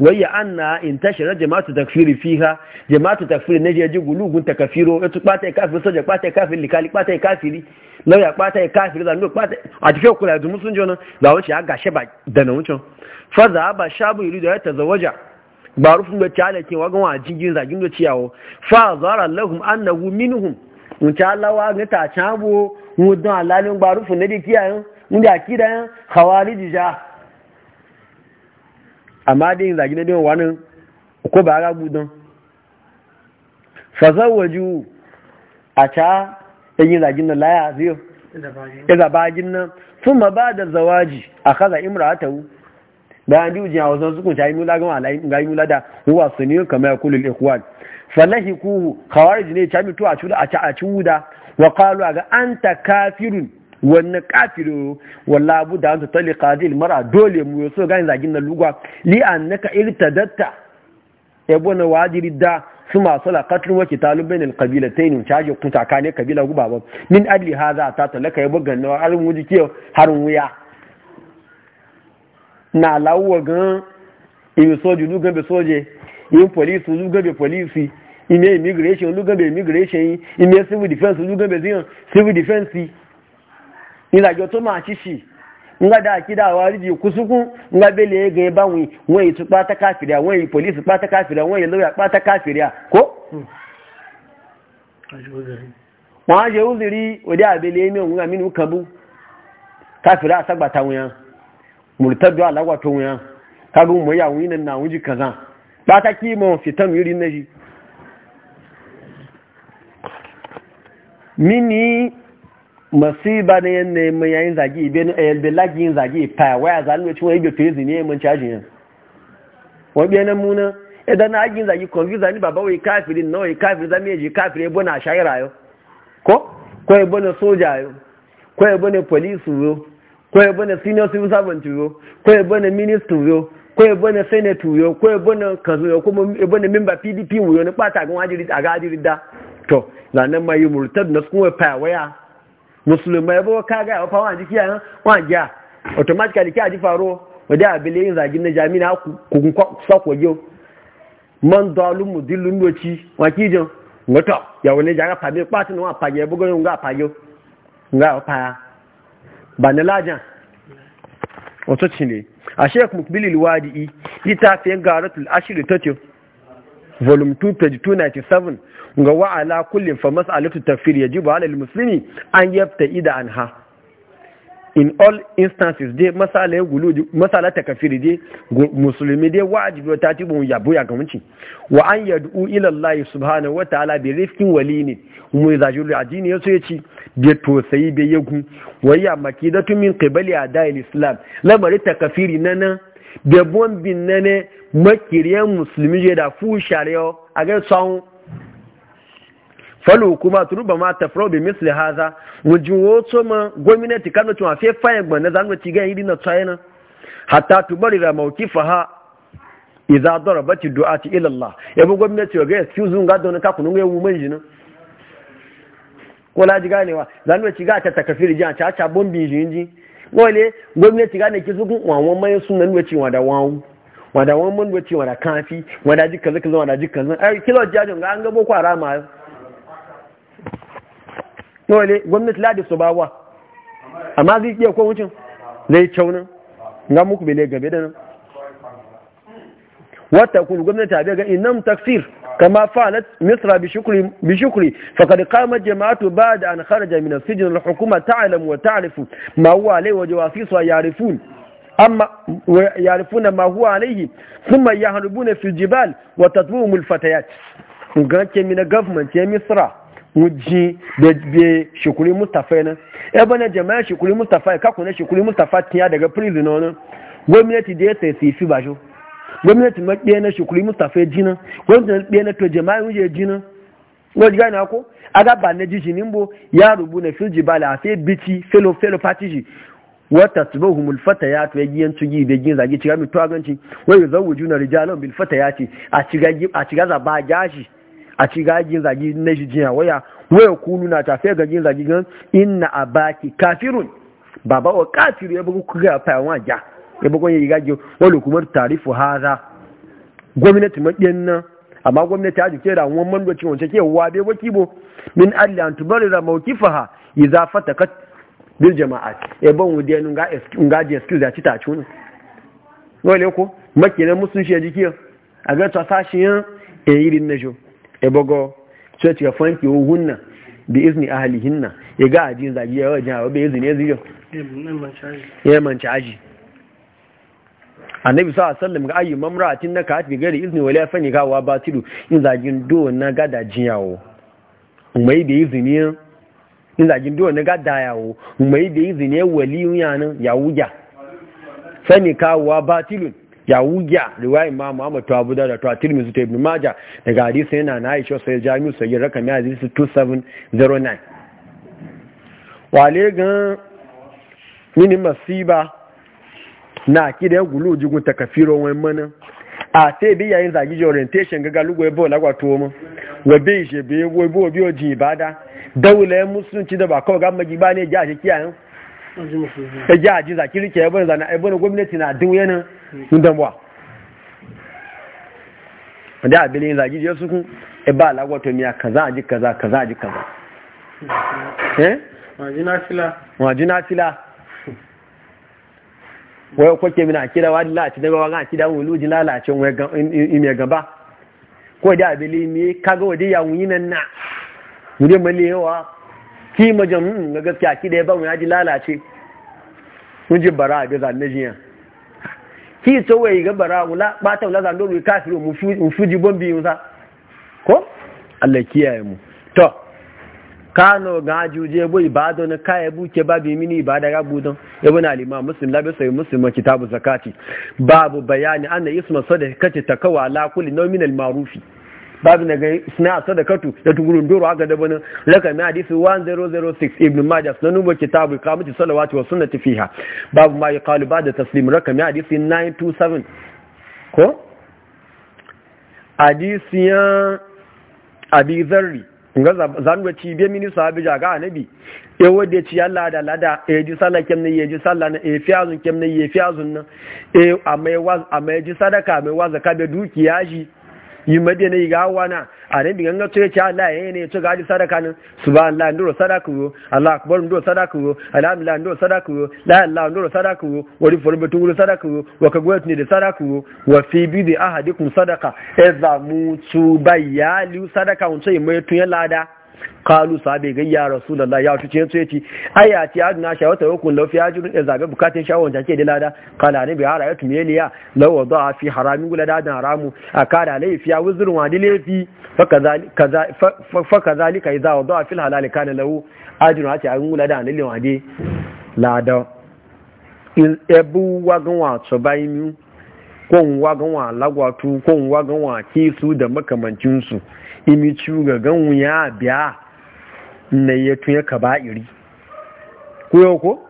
wayya anna intashara jama'atu takfiri fiha jama'atu takfiri ne je gulugun takfiro etu pata kafiri soja pata kafiri likali pata kafiri lawya pata kafiri zanu pata atife kula du musun jona da wace aga sheba da na wucin fa za ba shabu yuridu ya tazawaja barufun da tale ke wagan wa jingin zagin da ciyawo fa zara lahum annahu minhum unta lawa ne ta chabo mudan alalin barufun ne de kiyayen mun da kidan khawarij ja amma dai zagi na bin wani ko ba ga gudan fasar waju a ta yin zagi na laya zai ya zabagin nan sun ma ba da zawaji a kaza imra ta wu bayan biyu jiya wasan su kun shayi mula gama alayi mula da huwa su ne kamar ya kulul ikhwan falahi kuhu kawar ne ta mutu a cuda a ci wuda wa kalu a ga an ta kafirun wannan kafiro walla abu da anta talika hadil mara dole mu yoso gani zagin na lugwa li annaka irtadatta ya bona wajiri da su masu laƙatun wake talibin alƙabila ta yi caji kun takane kabila guba ba min adli ha za ta talaka ya bugan na harin wuji ke harin wuya na lawuwa gan ibi soji lugan gambe soje yin polisi lugan gambe polisi ime immigration lugan gambe immigration ime civil defense lugan gambe civil defense ìrìnàjò tó máa ṣíṣì ńgá dáa kí dáa wá ríjì kúsùkú ńgá bẹ́lẹ̀ ẹgbẹ̀ báwọn wọ́n èyí tún pátákáfìríà wọ́n èyí ya. pátákáfìríà wọ́n èyí lórí pátákáfìríà kó wọ́n á ṣe ó sì rí òdí àbẹ̀lẹ̀ ẹ̀mí òun àmínú kanbú káfìríà ságbàtà wọn yàn mùrùtẹ́dọ́ aláwàtò wọn yàn kágun mọ́ ìyàwó yìí nà àwọn jù kàn sàn pátákì mọ̀ fìtàn yìí rí náà yìí masiba ne yan neman yayin zagi ibe ne yan eh, belagi yin zagi fa waya zanu ci wani gefe zini yan mun cajin yan wabi nan muna idan na eh, agin zagi confuse ni baba wai kafirin no wai kafir zami yaji kafir ya bona shayira yo ko ko ya bona soja yo ko ya bona police yo ko ya senior civil servant yo ko ya bona minister yo ko ya bona senator yo ko ya bona kazo yo ko ya bona member PDP yo ne pata gan ajiri da to zanan mai murtad na sun wai waya musulmai bo ka ga fa wa jiki a wa ja automatically ki aji faro wada abile yin zagin na jami'a ku ku sa ko yo man dalu mudillun doci wa ki jo ngoto ya wani ja ga pabe pat no apa je bo go nga apa yo nga apa banalaja wato cile a sheik mukbil alwadi litafiyan garatul ashri tato volume 2 page 297 ga wa'ala kullum fa mas'alatu tafsir yajibu ala muslimi an yabta'i anha in all instances dai masala ya gulu masala ta kafiri dai musulmi dai wajibi ta tibun yabu ya ga mutum wa an yad'u ila Allah subhanahu wa ta'ala bi rifqin walini mu da julu adini yaso yaci bi to sai bi yagu wa ya makidatu min qibali adai islam lamari ta kafiri nana da bin nana makiriyan musulmi je da fu shariyo a ga falo kuma turuba ma ta frobe misli haza wajin wotso ma gwamnati kan tun afi faye gbanna zan ga tigan yidi na china hatta bari ra ha idza darabati du'ati ila allah bu gwamnati ga excuse ga don ka kunun ga mai jinin ko ji ganewa zan ga ta takafiri jan cha cha bombi jinji wole gwamnati ga ne kizukun wawan mai sunan wacin wada wawu wada wan mun wacin wada kafi wada jikka kaza zo wada jikka kaza. ai kilo jajin ga an ga boko harama dole gwamnati ladi su wa amma zai iya ko wucin zai caunin ga muku bele gabe da nan wata kun gwamnati abe ga inam taksir kama fa'alat misra bi shukri bi shukri faqad qamat jama'atu ba'da an kharaja min as-sijn al-hukuma ta'lam wa ta'rifu ma huwa alayhi wa jawasisu yarifun amma yarifuna ma huwa alayhi thumma yahrubuna fi al-jibal wa tatbuhum al-fatayat ganke min government ya misra wuji da be shekuli mustafa nan ebe na jama'a shekuri mustafa ka kuna shekuli mustafa tiya daga prison wani. gwamnati da ya sai sifi ba shi gwamnati maɗaya na shekuli mustafa ya jina gwamnati maɗaya na to jama'a yi ya jina wajen gani ako aga ba na jiji nimbo ya rubu na filji ba la fe bici felo felo patiji wata humul fata ya to yagiyan tugi da gin zagi ciga mi to aganci wai zawuju na rijalan bil fata ya ce a ciga a ciga za ba gashi a ci gajin zagi na shi jiya waya waya kunu na tafiya gajin zagi gan inna baki kafirun ba ba wa kafiru ya bugu kuga fa wa ja ya bugu ya gaji wani hukumar tarifu haza gwamnati maɗin nan amma gwamnati ta jike da wani mandocin wancan ke wabe waki bo min alli an tubarira mawkifaha idza fatakat bil jama'at e bon wudiya nun ga nga je skill da ci ta cun wale ko makinan musun shi jike a ga ta sashin e irin na ebogo sai ci fanki hunna bi izni ahlihinna ya ga ajin zagi ya wajen abu bai izini ziyo ya manci aji annabi sa sallam ga ayyu mamratin na ka gari izni wala fani ga wa batilu in zagin do na gada jiyawo mai da izini in zagin do na gada yawo mai da izini waliyun yanan yawuja ka wa batilun ya wuya riwaya imam Muhammad to Abu Dawud to Tirmidhi ta Ibn maja daga hadisi yana na Aisha sai Jami'u raka mai hadisi 2709 wale gan mini masiba na kida ya gulu jigun takafiro wani mana a te bi yayin ji orientation ga galugo ebo lagwa to mu wa be je be wo bo bi oji ibada ya musulunci da ba kawai ga magiba ne ji shi kiyayen ta ji ajiza kirki yabon bane zana ebola gwamnati na dun yanin sundan buwa da abilin zagi jiya sukun e ba alagwato miya kaza aji kaza kaza aji kaza eh, eh? wajina fila wai kwake mina kira wa ci da wa ga kida wulu jina lati wai ga ime gaba ko da abili mi kaga wadi ya wuyi nan na mu mali yawa ki majamun ga gaskiya ki da ya bamu ya ji lalace mun ji bara ga zan na jiya ki tsawai ga bara wula ta wula zan dole kafiru mu fuji bombi musa ko Allah kiyaye mu to kano ga juje bo ibado na kaya buke babu mini ibada ga don ibn al-imam muslim labi sai muslim kitabu zakati babu bayani anna isma sadaqati takawa la kulli nawmin al-ma'rufi babu na gani suna sadakatu da tugurun doro haka da bani lakami hadisi 1006 ibn majah sunan nubu kitabu kamati salawati wa sunnati tafiya. babu ma yaqalu da taslim rakami hadisi 927 ko hadisiyan abi zarri ga zanuwa ci biya mini sahabi jaga nabi ya e wadda ci ya lada lada Ya e ji sallah kem ne Ya ji sallah na Ya e fi azun kem ne fi azun na A mai ji sadaka mai waza bai dukiya shi yi madina yi gawa na a nan bigan ga tuye cha Allah yayin ne to gaji sadaka nan an ndoro sadaka yo Allah akbar ndoro sadaka yo alhamdulillah ndoro sadaka yo la ilaha ndoro sadaka wani wori forbe wuri sadaka yo wa kagwat tuni da sadaka yo wa fi bidi ahadikun sadaka idza mutu bayali sadaka yi mai tun ya lada kalu sabe ga ya rasulullah ya tuce yace yace aya ti adna shawata hukun law fi ajrun da zabe bukatun shawon da ke da lada kala ne bi hara yatu meliya law wada fi harami gula da dan haramu akara lai fi wuzurun wa dilefi fa kaza fa kazalika idza wada fi halal kana law ajrun ati an gula da dalilin wa lada in ebu wagan wa so bayin mi ko wagan wa lagwatu ko wagan wa kisu da makamancin su imi ciwo ga ganwu ya biya na ya tun ya ka ba'iri ko yau ko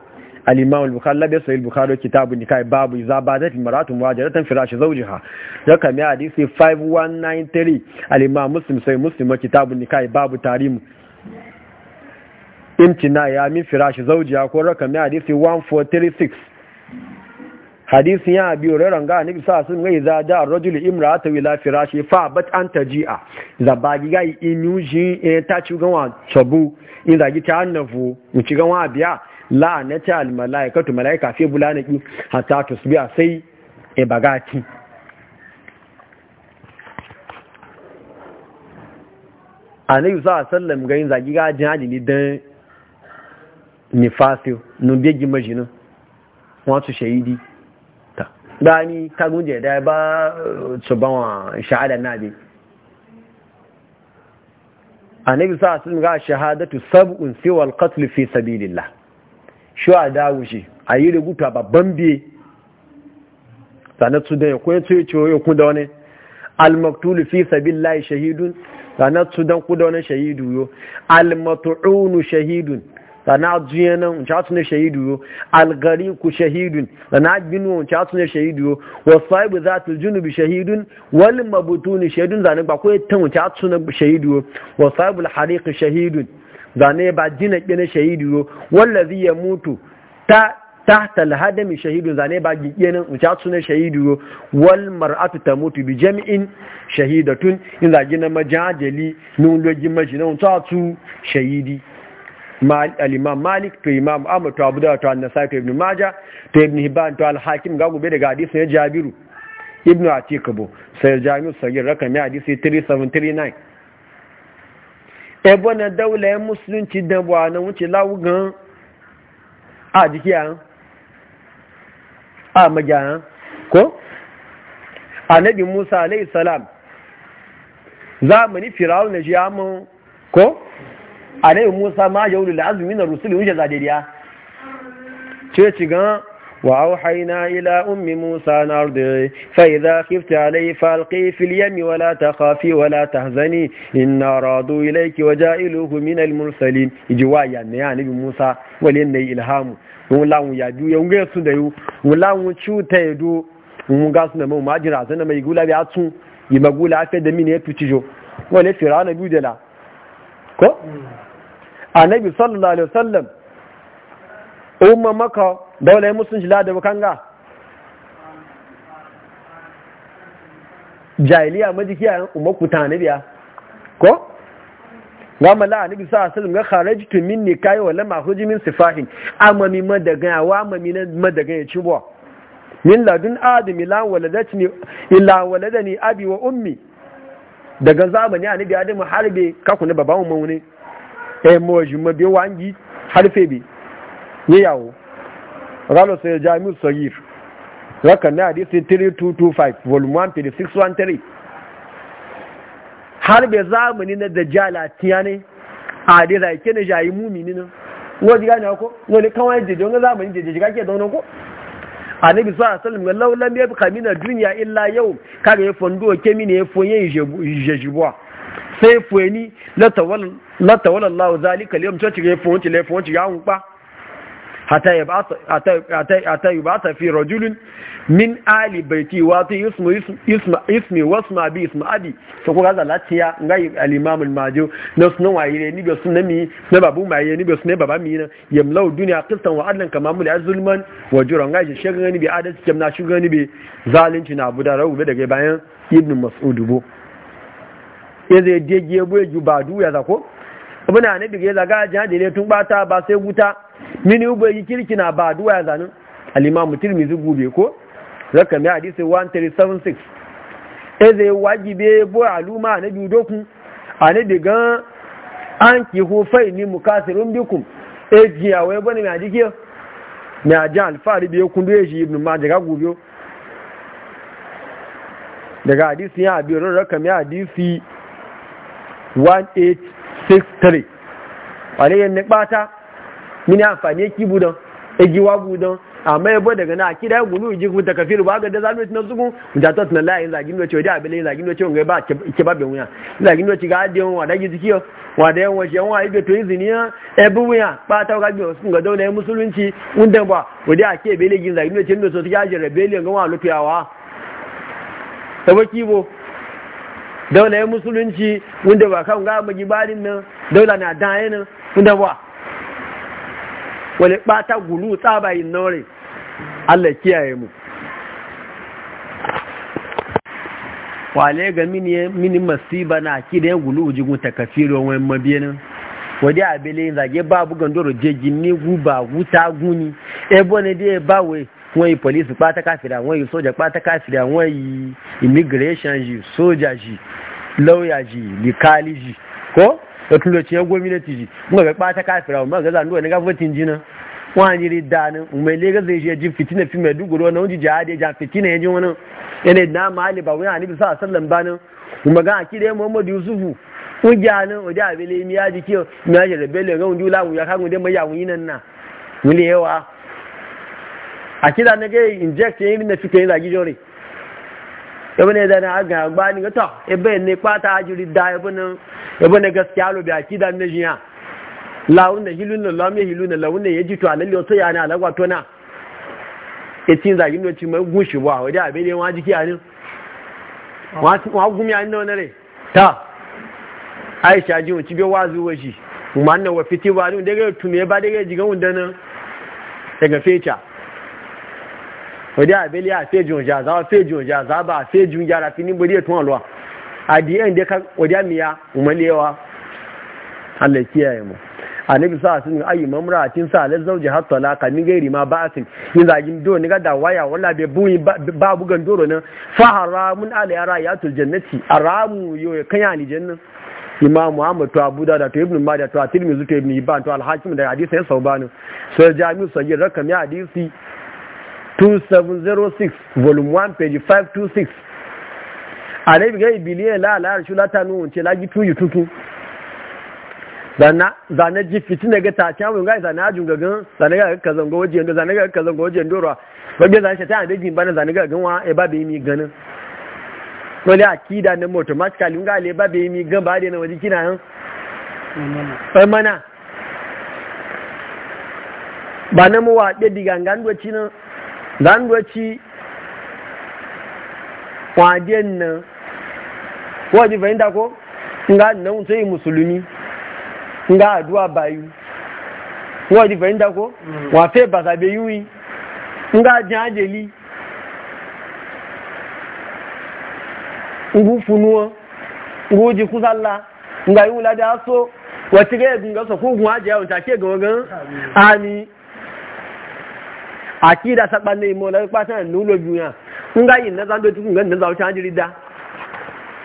al bukhari labe sahih bukhari kitabu nikah babu iza badat maratu muwajadatan firash zawjiha ya kami hadisi 5193 al muslim sahih muslim kitabu nikah babu tarim imtina ya min firash zawjiha ko rakami hadisi 1436 hadisin ya abi hurairah ga annabi sa sun ga za da rajul imra'ata ila firashi fa bat an taji'a za ba gi ga inuji e ta ci ga wa sabu in da gi ta annafu mu ci gawa wa biya la na ta al malaikatu malaika fi bulanaki hatta tusbiya sai e bagati annabi sa sallam ga yin zagi ga jihadi ni dan nifasio nun begi majinu wato shahidi gani kagun je da ba su ba wa shahada nabi annabi sa sun ga shahadatu sab'un siwal qatl fi sabilillah shuhada wuce ayi rubuta babban biye su da ko yace ce ya ku da wani al maktul fi sabilillah shahidun su dan ku da wani shahidu yo al mat'un shahidun sana ajiye nan in ci ne shahidu yo algari ku shahidun sana ginu in ci ne shahidu yo wasaibu za ta junubi shahidun wani mabutu ne shahidun zane ba ko yadda in ci ne shahidu yo wasaibu alhariƙi shahidun zane ba jina ƙina shahidu yo wallazi ya mutu ta tahta alhadami shahidun zane ba nan in ci ne shahidu yo wal mar'atu mutu bi jami'in shahidatun in zagi na majajali nun lojin majinan ta tu shahidi al-imam malik to imam ahmad to abu dawud to an-nasai to ibn majah to ibn hibban to al-hakim ga gobe daga hadisi ne jabiru ibn atiq bo sai jami'u sagir ya hadisi 3739 ebo na daula musulunci da wa na wuce lawugan a jikiya a magiya ko annabi musa alayhi salam zamani firawun ji amun ko alayhi musa ma yau lil azmi ar rusul wuce zadiriya ce ci ga wa auhayna ila ummi musa na fa idha khifti alayhi falqi fil yami wa la takhafi wa la tahzani inna radu ilayki wa ja'iluhu min al mursalin ijwa ya ne ya nabi musa wale ne ilhamu mun lawu ya biyu ya ga su da yau mun lawu cuta yado mun ga su da mu majira sanan mai gula ya tun yi magula afa da mini ya tuci jo wale fir'auna biyu da dala ko annabi sallallahu alaihi wasallam umma maka dole musulunci la da bukanga jahiliya majikiya umaku ta biya ko gama la anabi sa asalin ga kharajtu minni kai wala ma khuji min sifahin amma mi madaga wa ma mi madaga ya cibo min ladun adam la waladatni illa waladani abi wa ummi daga zamani anabi adam harbe kaku ne baban mu ne e mo ji mo bi wangi harfe bi ne yawo galo sai jami'u sagir raka na hadisi 3225 volume 1 page 613 harbe zamani na dajjala tiyane a dai zai kene jayi mumini ne ngo diga ne ko ngo le kawai je don zamani je je kake illa yawm kaga ya sai fueni la tawalla Allah zalika liyum chochi cige fuwon ci lefon ci yawun pa hatta yabata hatta hatta yabata fi rajulin min ali baiti wa ta ismu isma ismi wasma bi ismi abi to ko gaza latiya ngai al-imam al-majo na sunan waye ni be sunan mi na babu maye ni be sunan baba mi na yamlau dunya qistan wa adlan kama mul azulman wa jura. ngai gani bi adalci kamna shugani bi zalunci na abu da daga bayan ibn mas'ud bo ya zai je ya bai ba duya za ko abin na nabi ga ya zaga jihar da tun bata ba sai wuta mini yi kirki na ba ya zanen alimamu ko zaka mai hadisi 1376 ya zai wajibe bo aluma dokun an ki fai ni mukasirun bikum eji wai bane daga hadisi ya rarraka mai hadisi 1863 wale yanne bata mini amfani ya kibu don egiwa amma yabo daga na akida ya gulu ji ta kafiru ba ga da zalu tin zugun da ta tana la yin zagin do cewa abin zagin do cewa ga ba ke ba ben wuya zagin do ga da wa da giziki wa da yan wace yan wa ibe to izini ya ebu wuya ba ta ga biyo sun ga dole musulunci unda ba wadi ake bele gin zagin do cewa so ta ga jarabe le ga wa lutuyawa sabaki bo daula ya musulunci wanda ba kan ga magibarin nan daula na daya nan wanda ba wale bata gulu tsabayin nore Allah kiyaye mu wale ga mini mini masiba na ki da gulu jigun takafiro wani mabiyanin wadi abele zage babu gandoro jegi ni guba guta guni ebo ne dai bawe wọ́n yìí police pátá káfìrí àwọn yìí sójà pátá káfìrí àwọn yìí immigration yìí sójà yìí lọ́ọ̀yà yìí likali yìí kó òtún lọ tiẹ̀ yìí wọ́n fẹ́ pátá káfìrí àwọn mọ́gàdà ń lọ ní káfọ́tì wọ́n á yiri dànù mẹ́lẹ́ gẹ́gẹ́ ṣe umaga akide muhammadu yusufu ujana oja abele mi aji kiyo mi da rebele ga undu la mu ya kan de na akida na ga inject yin na fike yin zagi jore yabo ne da na aga ba ni to be ne pata ajuri da yabo ne yabo ne gaskiya lo bi akida ne jiya lawun ne hilun ne lawun ne hilun ne lawun ne yaji to alalle to ya ne alagwa to na etin zagi no ci mai gushi wa wadi abe ne wa e jiki ani wa gumi ani no ne ta aisha ji won ci be wazu wa shi kuma ne wa fiti ba ni daga tume ba daga jigan wanda nan daga fecha ọdẹ abẹ́lé àfẹ́jùn ìjàzá àfẹ́jùn ìjàzá bá àfẹ́jùn ìjàrá fi níbodí ètò ọ̀lọ́wà àdìyẹ ǹdẹ́ ká ọdẹ mìíyà ọmọléwà alẹ́kí ẹ̀ mọ̀ anabi sa sun ayi mamra atin sa alal zawji hatta la kan gairi ma ba'sin yin zagin do ni gada waya wala be buyi ba bugan doro nan fa haramun ala rayatul jannati aramu yo kan ya ni jannan imam Muhammad to Abu Dawud to Ibn Majah to Tirmidhi to Ibn Hibban to al da hadisi sai saubani sai jami'u sai rakam ya hadisi 2706 volume 1 page 526 alaibi ga ibiliye la shi lata nu wunce lagi tuyu tutu zana ji ji fitina ga ta cha wunga zana ajun ga gan zana ga ka zango waje ndo zane ga ka zango waje ndo ruwa wajen zane shi ta da daji bane zane ga gan wa e ba bai mi ganin wala akida na automatically wunga le ba bai mi gan ba a na waje kina han mana ba na mu wa de digangan do cinan Zan zandoci kwadiyan nan wajen fahimta ko nga nan sai musulmi nga aduwa bayu wajen fahimta ko mm. wafe ba sabe yiwu nga jin ajeli ngu funuwa ngu ji kusalla nga yiwu wula da so wacce ga yi gunga sa kogun ajiya wata ke gawa gan ami akida saba ne mo la pa san nu lo juya nga yin na zando tukun ga na zawo chanjiri da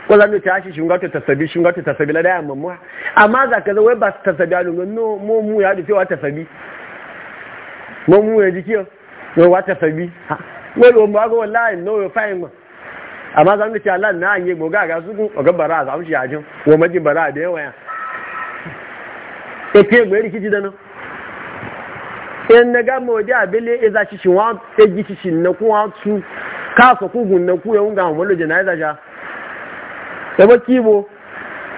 ko zando ta shi shunga ta tasabi shunga ta tasabi la da ya mamu amma za ka wai ba ta tasabi alu no mo mu ya da cewa tasabi mo mu ya dikio no wa tasabi wai lo ma ga wallahi no yo fine ma amma zando ta Allah na yi goga ga ga su kun ga bara za mu shi ajin wo majin bara e da yawa ya ete gbe rikici da nan in na gama waje abele ya za shishin wa ya gi cikin na kuwa su kasa kugun na kuwa yawon gama malo jana ya za sha ya ba kibo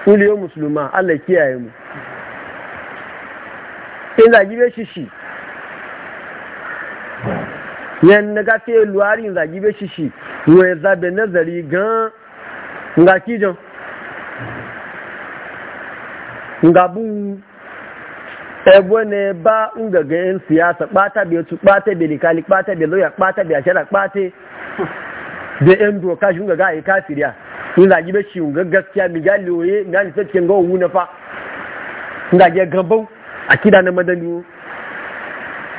kuliyar musulma allah kiyaye mu in zagi gibe shishi yan na gafe luwari in zagi gibe shishi wa ya zabe nazari gan nga kijan nga ebe ne ba ń gẹ̀gẹ̀ ń siyasa ɓata bai su ɓata bai likali ɓata bai lauya ɓata bai ashara ɓata da yan doka shi gaga a yi kafiriya in zagi bai shi ga gaskiya fa in gabau a kida na madani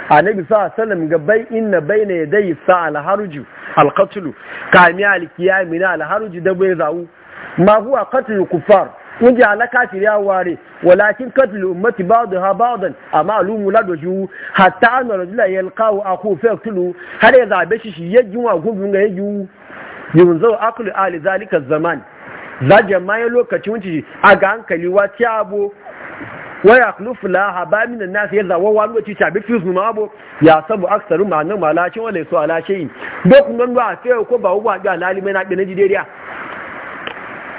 a nabi sa sallam ga bai inna bai na sa alharuju alkatulu kami na alharuju da zawu ma huwa kuffar mun ji shi ya ware walakin katil ummati ba'd ha ba'dan amma alumu la doju hatta an rajula yalqahu aku fa yaktulu har ya zabe shi shi ya wa gubun ga yaju zo aklu ali zalika zaman za jama'a lokacin wunci a ga hankali wa ci abu wa ya khlufu la haba min an-nas ya wa wa lokaci ta bifi ma abo ya sabu aksaru ma nan malakin wala su ala shay'in duk nan ba sai ko ba wa ga lalime na bi na jideriya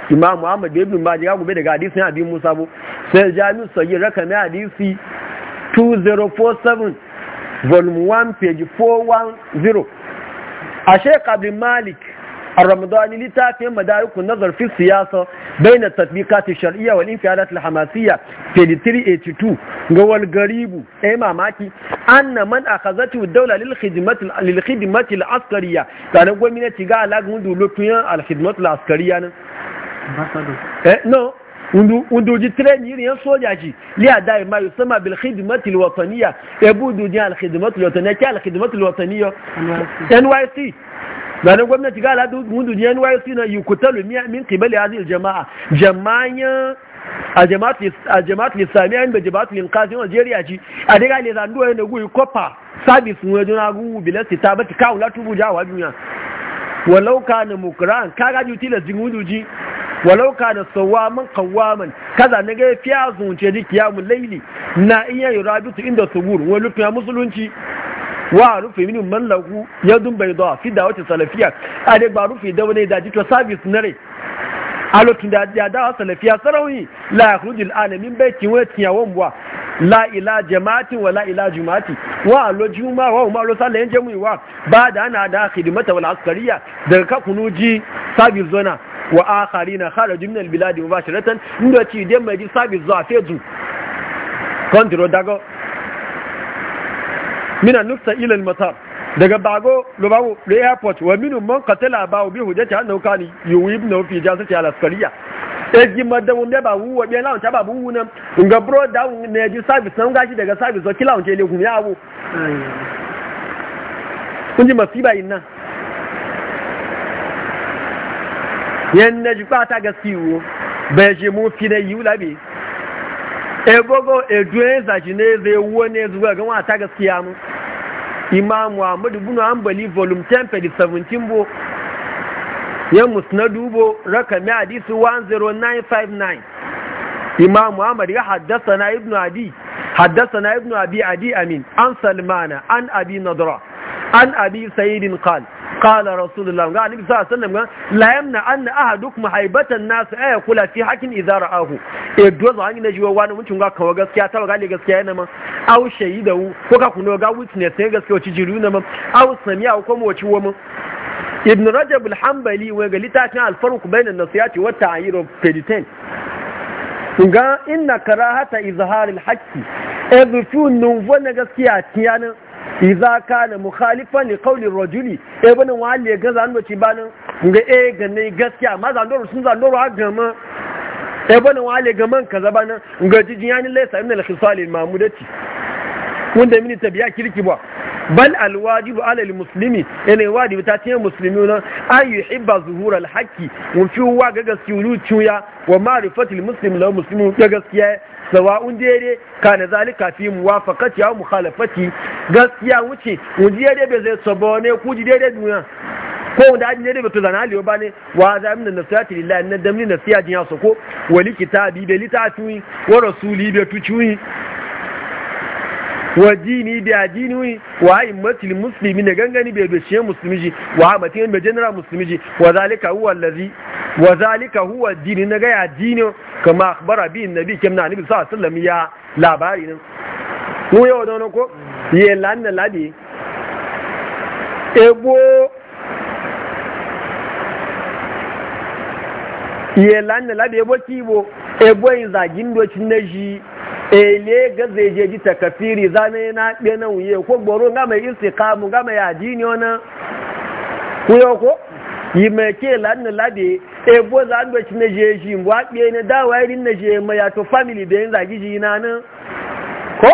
imam Ahmad ibn maji ya gube daga hadisi na abin musa bu sai jami'in sauyi rakami hadisi 2047 volume 1 page 410 a shekabi malik a ramadani littafin madarikun na zarfin siyasa bai na shari'ar ta shari'a wani fiyarat alhamasiya 382 ga garibu ya eh, mamaki an na man a kazatu daula lilhidimatul askariya tare gwamnati ga alagun dulotun yan alhidimatul askariya nan Eh, no unduji treni irin yan soja ji li ada ima yusama bil khidmati al wataniya ebudu ji al khidmati al wataniya ki al khidmati al wataniya NYC zanen gwamnati ga aladu mundu ji NYC na yukutalu min kibali hadhihi al jamaa jama'a a jama'at islamiyya inda jama'at linkasin algeria ci a daga ne zandu a da guri kofa sabis wani juna gugu bilasti ta bata kawo latubu jawa duniya walau ka na mukuran kaga juti da zingudu ji walau da sawamin kawamin kaza na ga fiya zunce ji kiyamul laili na iya yurabitu inda subur wani lufiya musulunci wa rufe min ya lahu yadun bayda fi salafiya a dai ba rufe da wani da jito na rai, a lokacin da ya dawa salafiya sarauni la ya kudu al'anamin bai kiwo tiyawon buwa la ila jama'atin wa la ila jumati wa lo juma wa umar lo sallayen jami'i wa ba da ana da khidmata wal askariya daga kakunuji sabis zona wa na akharina kharaju min albilad ratan inda ci dem mai sabi zuwa fezu kontro dago mina nufta ila matar. daga bago lubago da airport wa minu man qatala ba bi hannu annahu kana yuwi ibn fi jasati al askariya eji madawu ne ba wuwa biyan launta ba buwu nan nga bro down ne ji sabis na gashi daga sabis wakila kila ke le gumi abu kun ji masiba nan. yan na ji fata ga siwo bai je mu fi na yiwu labe egogo eduyen zaji ne zai wuwa ne zuwa ga wata gaskiya mu imam muhammadu bin hanbali volume 10 page 17 bo yan musnadu bo rakami hadisi 10959 imam muhammad ya haddasa na ibnu adi haddasa na ibnu abi adi amin an salmana an abi nadra an abi sayyidin Qal. qala rasulullah ga annabi sallallahu alaihi wasallam la yamna anna ahadukum haibatan nas ay kula fi hakin idza ra'ahu e dozo an ne jiwa wani mutum kawo gaskiya ta ga gaskiya yana ma aw shahida ko ka kuno ga witness ne gaskiya ci jiru na ma aw sami'a ko mu waci mu ibn rajab al-hanbali wa ga litafin al-farq bayna an-nasihati wa at-ta'yir of peditent ga inna karahata izhar al-haqqi e zufun nun gaskiya tiyanin iza kana mukhalifan li qawli rajuli e banin ya gaza zan ci banin ga e ga ne gaskiya ma zan doro sun zan doro gama. ga ma e banin wali ga man kaza nan ga jijin yani laysa min al-khisal al-mamudati wanda mini tabiya kirki ba bal alwajibu ala almuslimi ene ba ta ce musulmi na ay yuhibba zuhura alhaqi mun fi wa ga gaskiya ya wa ma'rifati musulmi la musulmi ga gaskiya sawa'un dere ka na zalika fi muwafaqati aw mukhalafati gaskiya wuce wuji dere bai zai sabo ne ku ji dere duniya ko da ajin dere bai to zana liyo ba ne wa za min nafsiyati lillahi na damni nafsiya jin yaso ko wali kitabi bai litafi wa rasuli bai tuci wa dini bi adini wa aimatil muslimi ne gangani bai bace musulmi ji wa amatin bai general muslimi ji wa zalika huwa allazi wa zalika huwa dini na ga ya dini kama akbara bi nabi kim na nabi sallallahu alaihi wasallam ya labari nan mu yau da ko ye lanna ladi ebo ye lanna ladi ebo kibo ebo in za gindo na naji ele ga zai je ji takafiri zane na ɗe na uye ko gboro ga mai istiqamu ga mai adini ona ku yau ko yi mai ke lanna labe e bo za ndo ci na je shi wa biye ne da wa irin na je mai ya to family da yin zagi ji na nan ko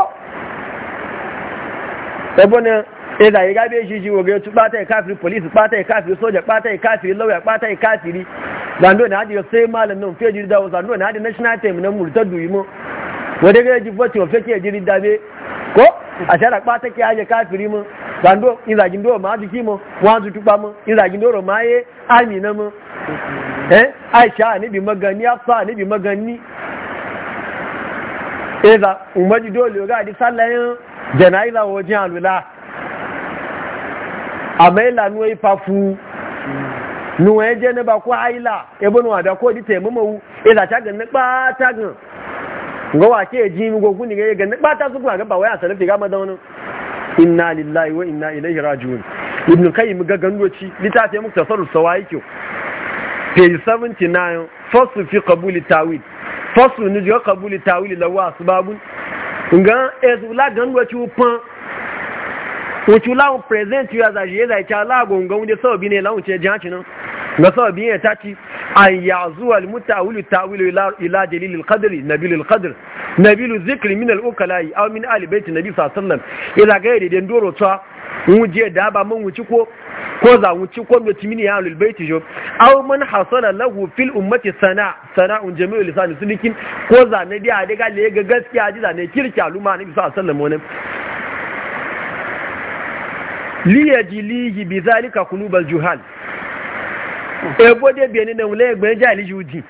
ebo bo ne e za yi gabe shi shi woge tu bata kafiri ɓata bata kafiri soja bata kafiri ɓata bata kafiri zando na hadi sai malam nan fiye da zando na hadi national team na murtadu yi mu wadda ga yaji fati wafe ke jirin dame ko a shara kpata ke aje kafiri mu zando in zagin doro ma jiki mu wanzu tuba mu in zagin doro ma ye amina mu eh aisha ni bi magani afsa ni bi magani eza eh, umaji dole ga di sallayin janaiza wajen alula amai la nuwa ifafu nuwa ya je ne ba ko aila ebe nuwa da ko di taimu mawu eza eh, ta ganin kpata gan ga wake ji mi gogun ne ga ba ta su kuma ga ba wai a salafi ga wani? inna lillahi wa inna ilaihi raji'un ibn qayyim ga gandoci litafi mu tasarru sawaiki page 79 fasu fi qabuli tawil fasu ni ga qabuli tawil lawa asbabun nga ezula gandoci upan wucu lawon present yu azaji ya zai ta lagun ga wunde sau bi ne lawun ce jihanci nan nasaba sawa biyan ta ci an ya zuwa mutawilu wuli ila dalilil qadri nabilul qadr na zikri min na ukalai aw min ali baiti nabi na alaihi wasallam ila ga yadda den doro ta wuje da ba man wuci ko ko za wuci ko mai timini ya alibaiti jo a man hasala lahu fil ummati sana sana'un jami'u lisani sulikin ko za na dia daga ya ga gaskiya ji za na kirki aluma nabi sallallahu alaihi wasallam liyajilihi bi zalika kulubal juhal bi dai biya ne na wule egbe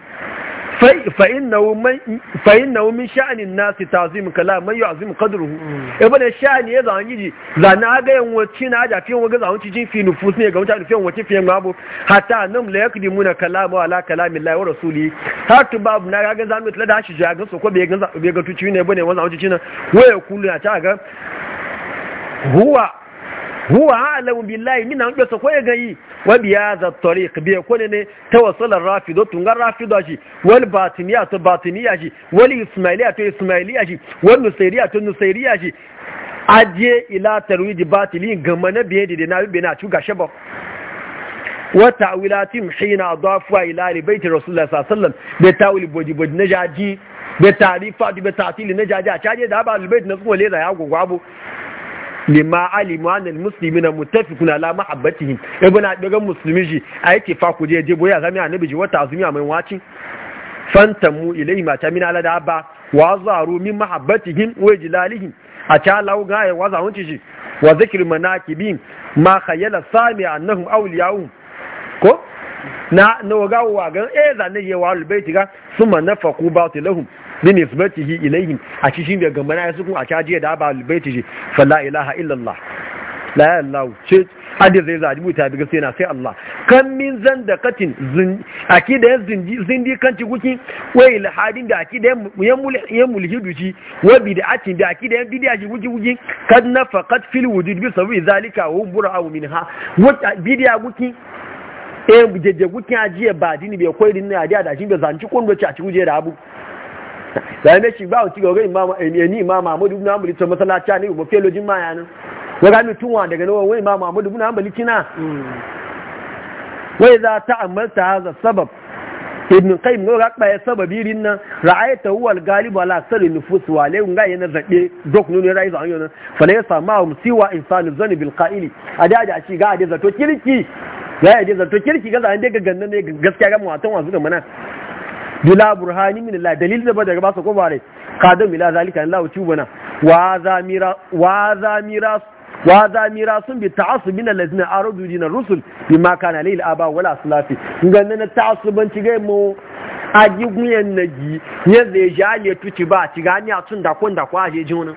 fa fa fa'in man wumin sha'anin min sha'ni an-nas ta'zim kalam azim yu'zim qadruhu ebode sha'ni e zan yiji zana aga yin wacce na fi fiye ga zan cikin fi nufus ne ga fi won wace fi ma bu hatta nam la yakdimu na kalamu ala kalamin lai wa rasuli hatta tu babu na ga zan mutla da shi ga so ko be ga tuci ne bane wannan na waya kullu ya ta ga huwa huwa alamu billahi mina an kesa ko gayi wa biya za tariq bi ko ne tawassal rafido tungar rafido shi wal batiniya to batiniya shi wal ismailiya to ismailiya shi wal nusairiya to nusairiya shi aje ila tarwiji batili gama na biye da na bi na tuga shaba wa ta'wilatim hina adafu ila li baiti rasulullah sallallahu alaihi wasallam da ta'wil boji boji na jaji da tarifa da ta'til na jaji a caje da ba albayt na kuma le da ya gogwabo lima alimu anil muslimi na mutafikuna la mahabbatihim na adiran musulmi ji a yake fa ku je je boya zami annabi ji wata azumi mai waci fantamu ilai ma tamina ala da ba wa zaru min mahabbatihim wa jilalihim a ta lawo ga ya waza hunci ji wa zikr manakibin ma khayyala sami annahum awliyaum ko na no ga wa ga e eh, zanne ye wa albayti ga summa nafaku batilahum bi nisbatihi ilayhim a cikin da na ya suku a caji da ba albaiti ji fa la ilaha illallah allah la ilaha ce hadis zai zaji buta daga sai na sai allah kan min zandaqatin akida zindi zindi kan ci guki wa ilhadin da akida ya mulhidu ci wa bid'atin da akida ya bid'a ji guki guki kad nafaqat fil wujud bi sabi zalika wa bura'u minha bid'a guki eh jeje guki ajiye ba dini bai koyi din ne ajiya da shi bai zanci kondo ci a ci guje da abu da ne shi ba wuci ga imam eh, ni imam Muhammad ibn Hanbali to masallaci ne mu felo jin maya nan wa ga wa daga nawa wai imam Muhammadu ibn Hanbali kina wai za ta amalta hadha sabab ibn qayyim no ga ya sababi rin nan ra'ayta huwa al-ghalib ala aksar an-nufus wa lay nga yana zabe dok no ne ra'ayi zan yana fa la yasma um siwa insanu zani bil qa'ili adaja a ci ga adaja zato kirki ya adaja zato kirki ga zan daga gannan ne gaskiya ga muwatan wasu da mana bila burhani min Allah dalil da daga ba su ko bare kada mila zalika Allah ci bana wa za mira wa zamira mira wa za mira sun bi ta'assub min allazina aradu dina rusul bima kana lil aba wala salafi ganna na ta'assubanci ga mu aji guyen naji ya zai jale tuci ba ci gani a tun da kun da kwa je jinin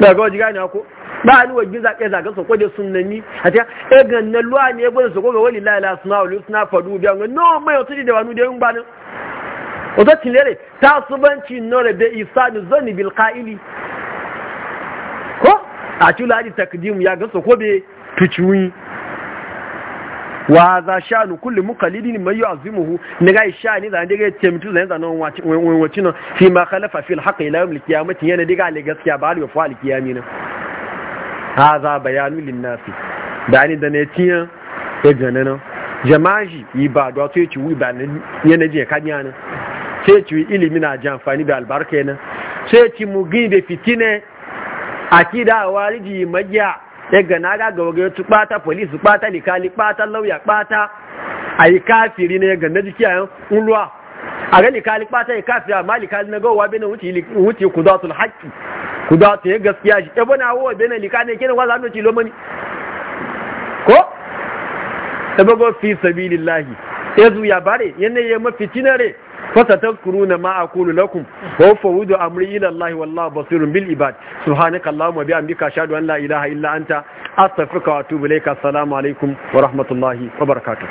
daga wajen ko ba ni wajen zaɓe zaɓe sako da sunanni a ta e eh, ganna luwa ne ya gwada sako ga wani lala suna wani suna faru biya ga no mai wasu da wani da yin ba nan wata tilere ta subanci nore da isa da zoni bil ka'ili ko a ci ladi takdimu ya ga sako be tuciwi wa za sha nu kulli muqallidin mai yu'azimuhu ne ga sha ni zan daga temtu zan zan wani wacin fi ma khalafa fil haqqi ila yawm al qiyamati yana daga gaskiya ba al wafa al na. haza bayanu linnafi da ni da ne tiyan ya gane nan to yi ba da wato ya wi ba yana jiya kanya nan sai ci ilimi na ji amfani da albarka ne sai ya ci mugi da fitine akida waliji majja e magiya ya gana ga gawaga ya tukpata polis kpata likali kpata lauya kpata a yi kafiri ne ya naji kiyan unwa a ga likali kpata ya kafiri amma likali na gawa bai na wuce kudatul haƙƙi ku da ta yi gaskiya shi ebe na wowa bene lika ne kene wazan do cilo mani ko ebe fi sabilillahi yazu ya bare yana mafi tinare fasa na ma aqulu lakum wa fawudu amri ila Allah basirun bil ibad subhanaka allahumma bi amdika ashhadu an la ilaha illa anta astaghfiruka wa atubu ilayka assalamu alaikum wa rahmatullahi wa barakatuh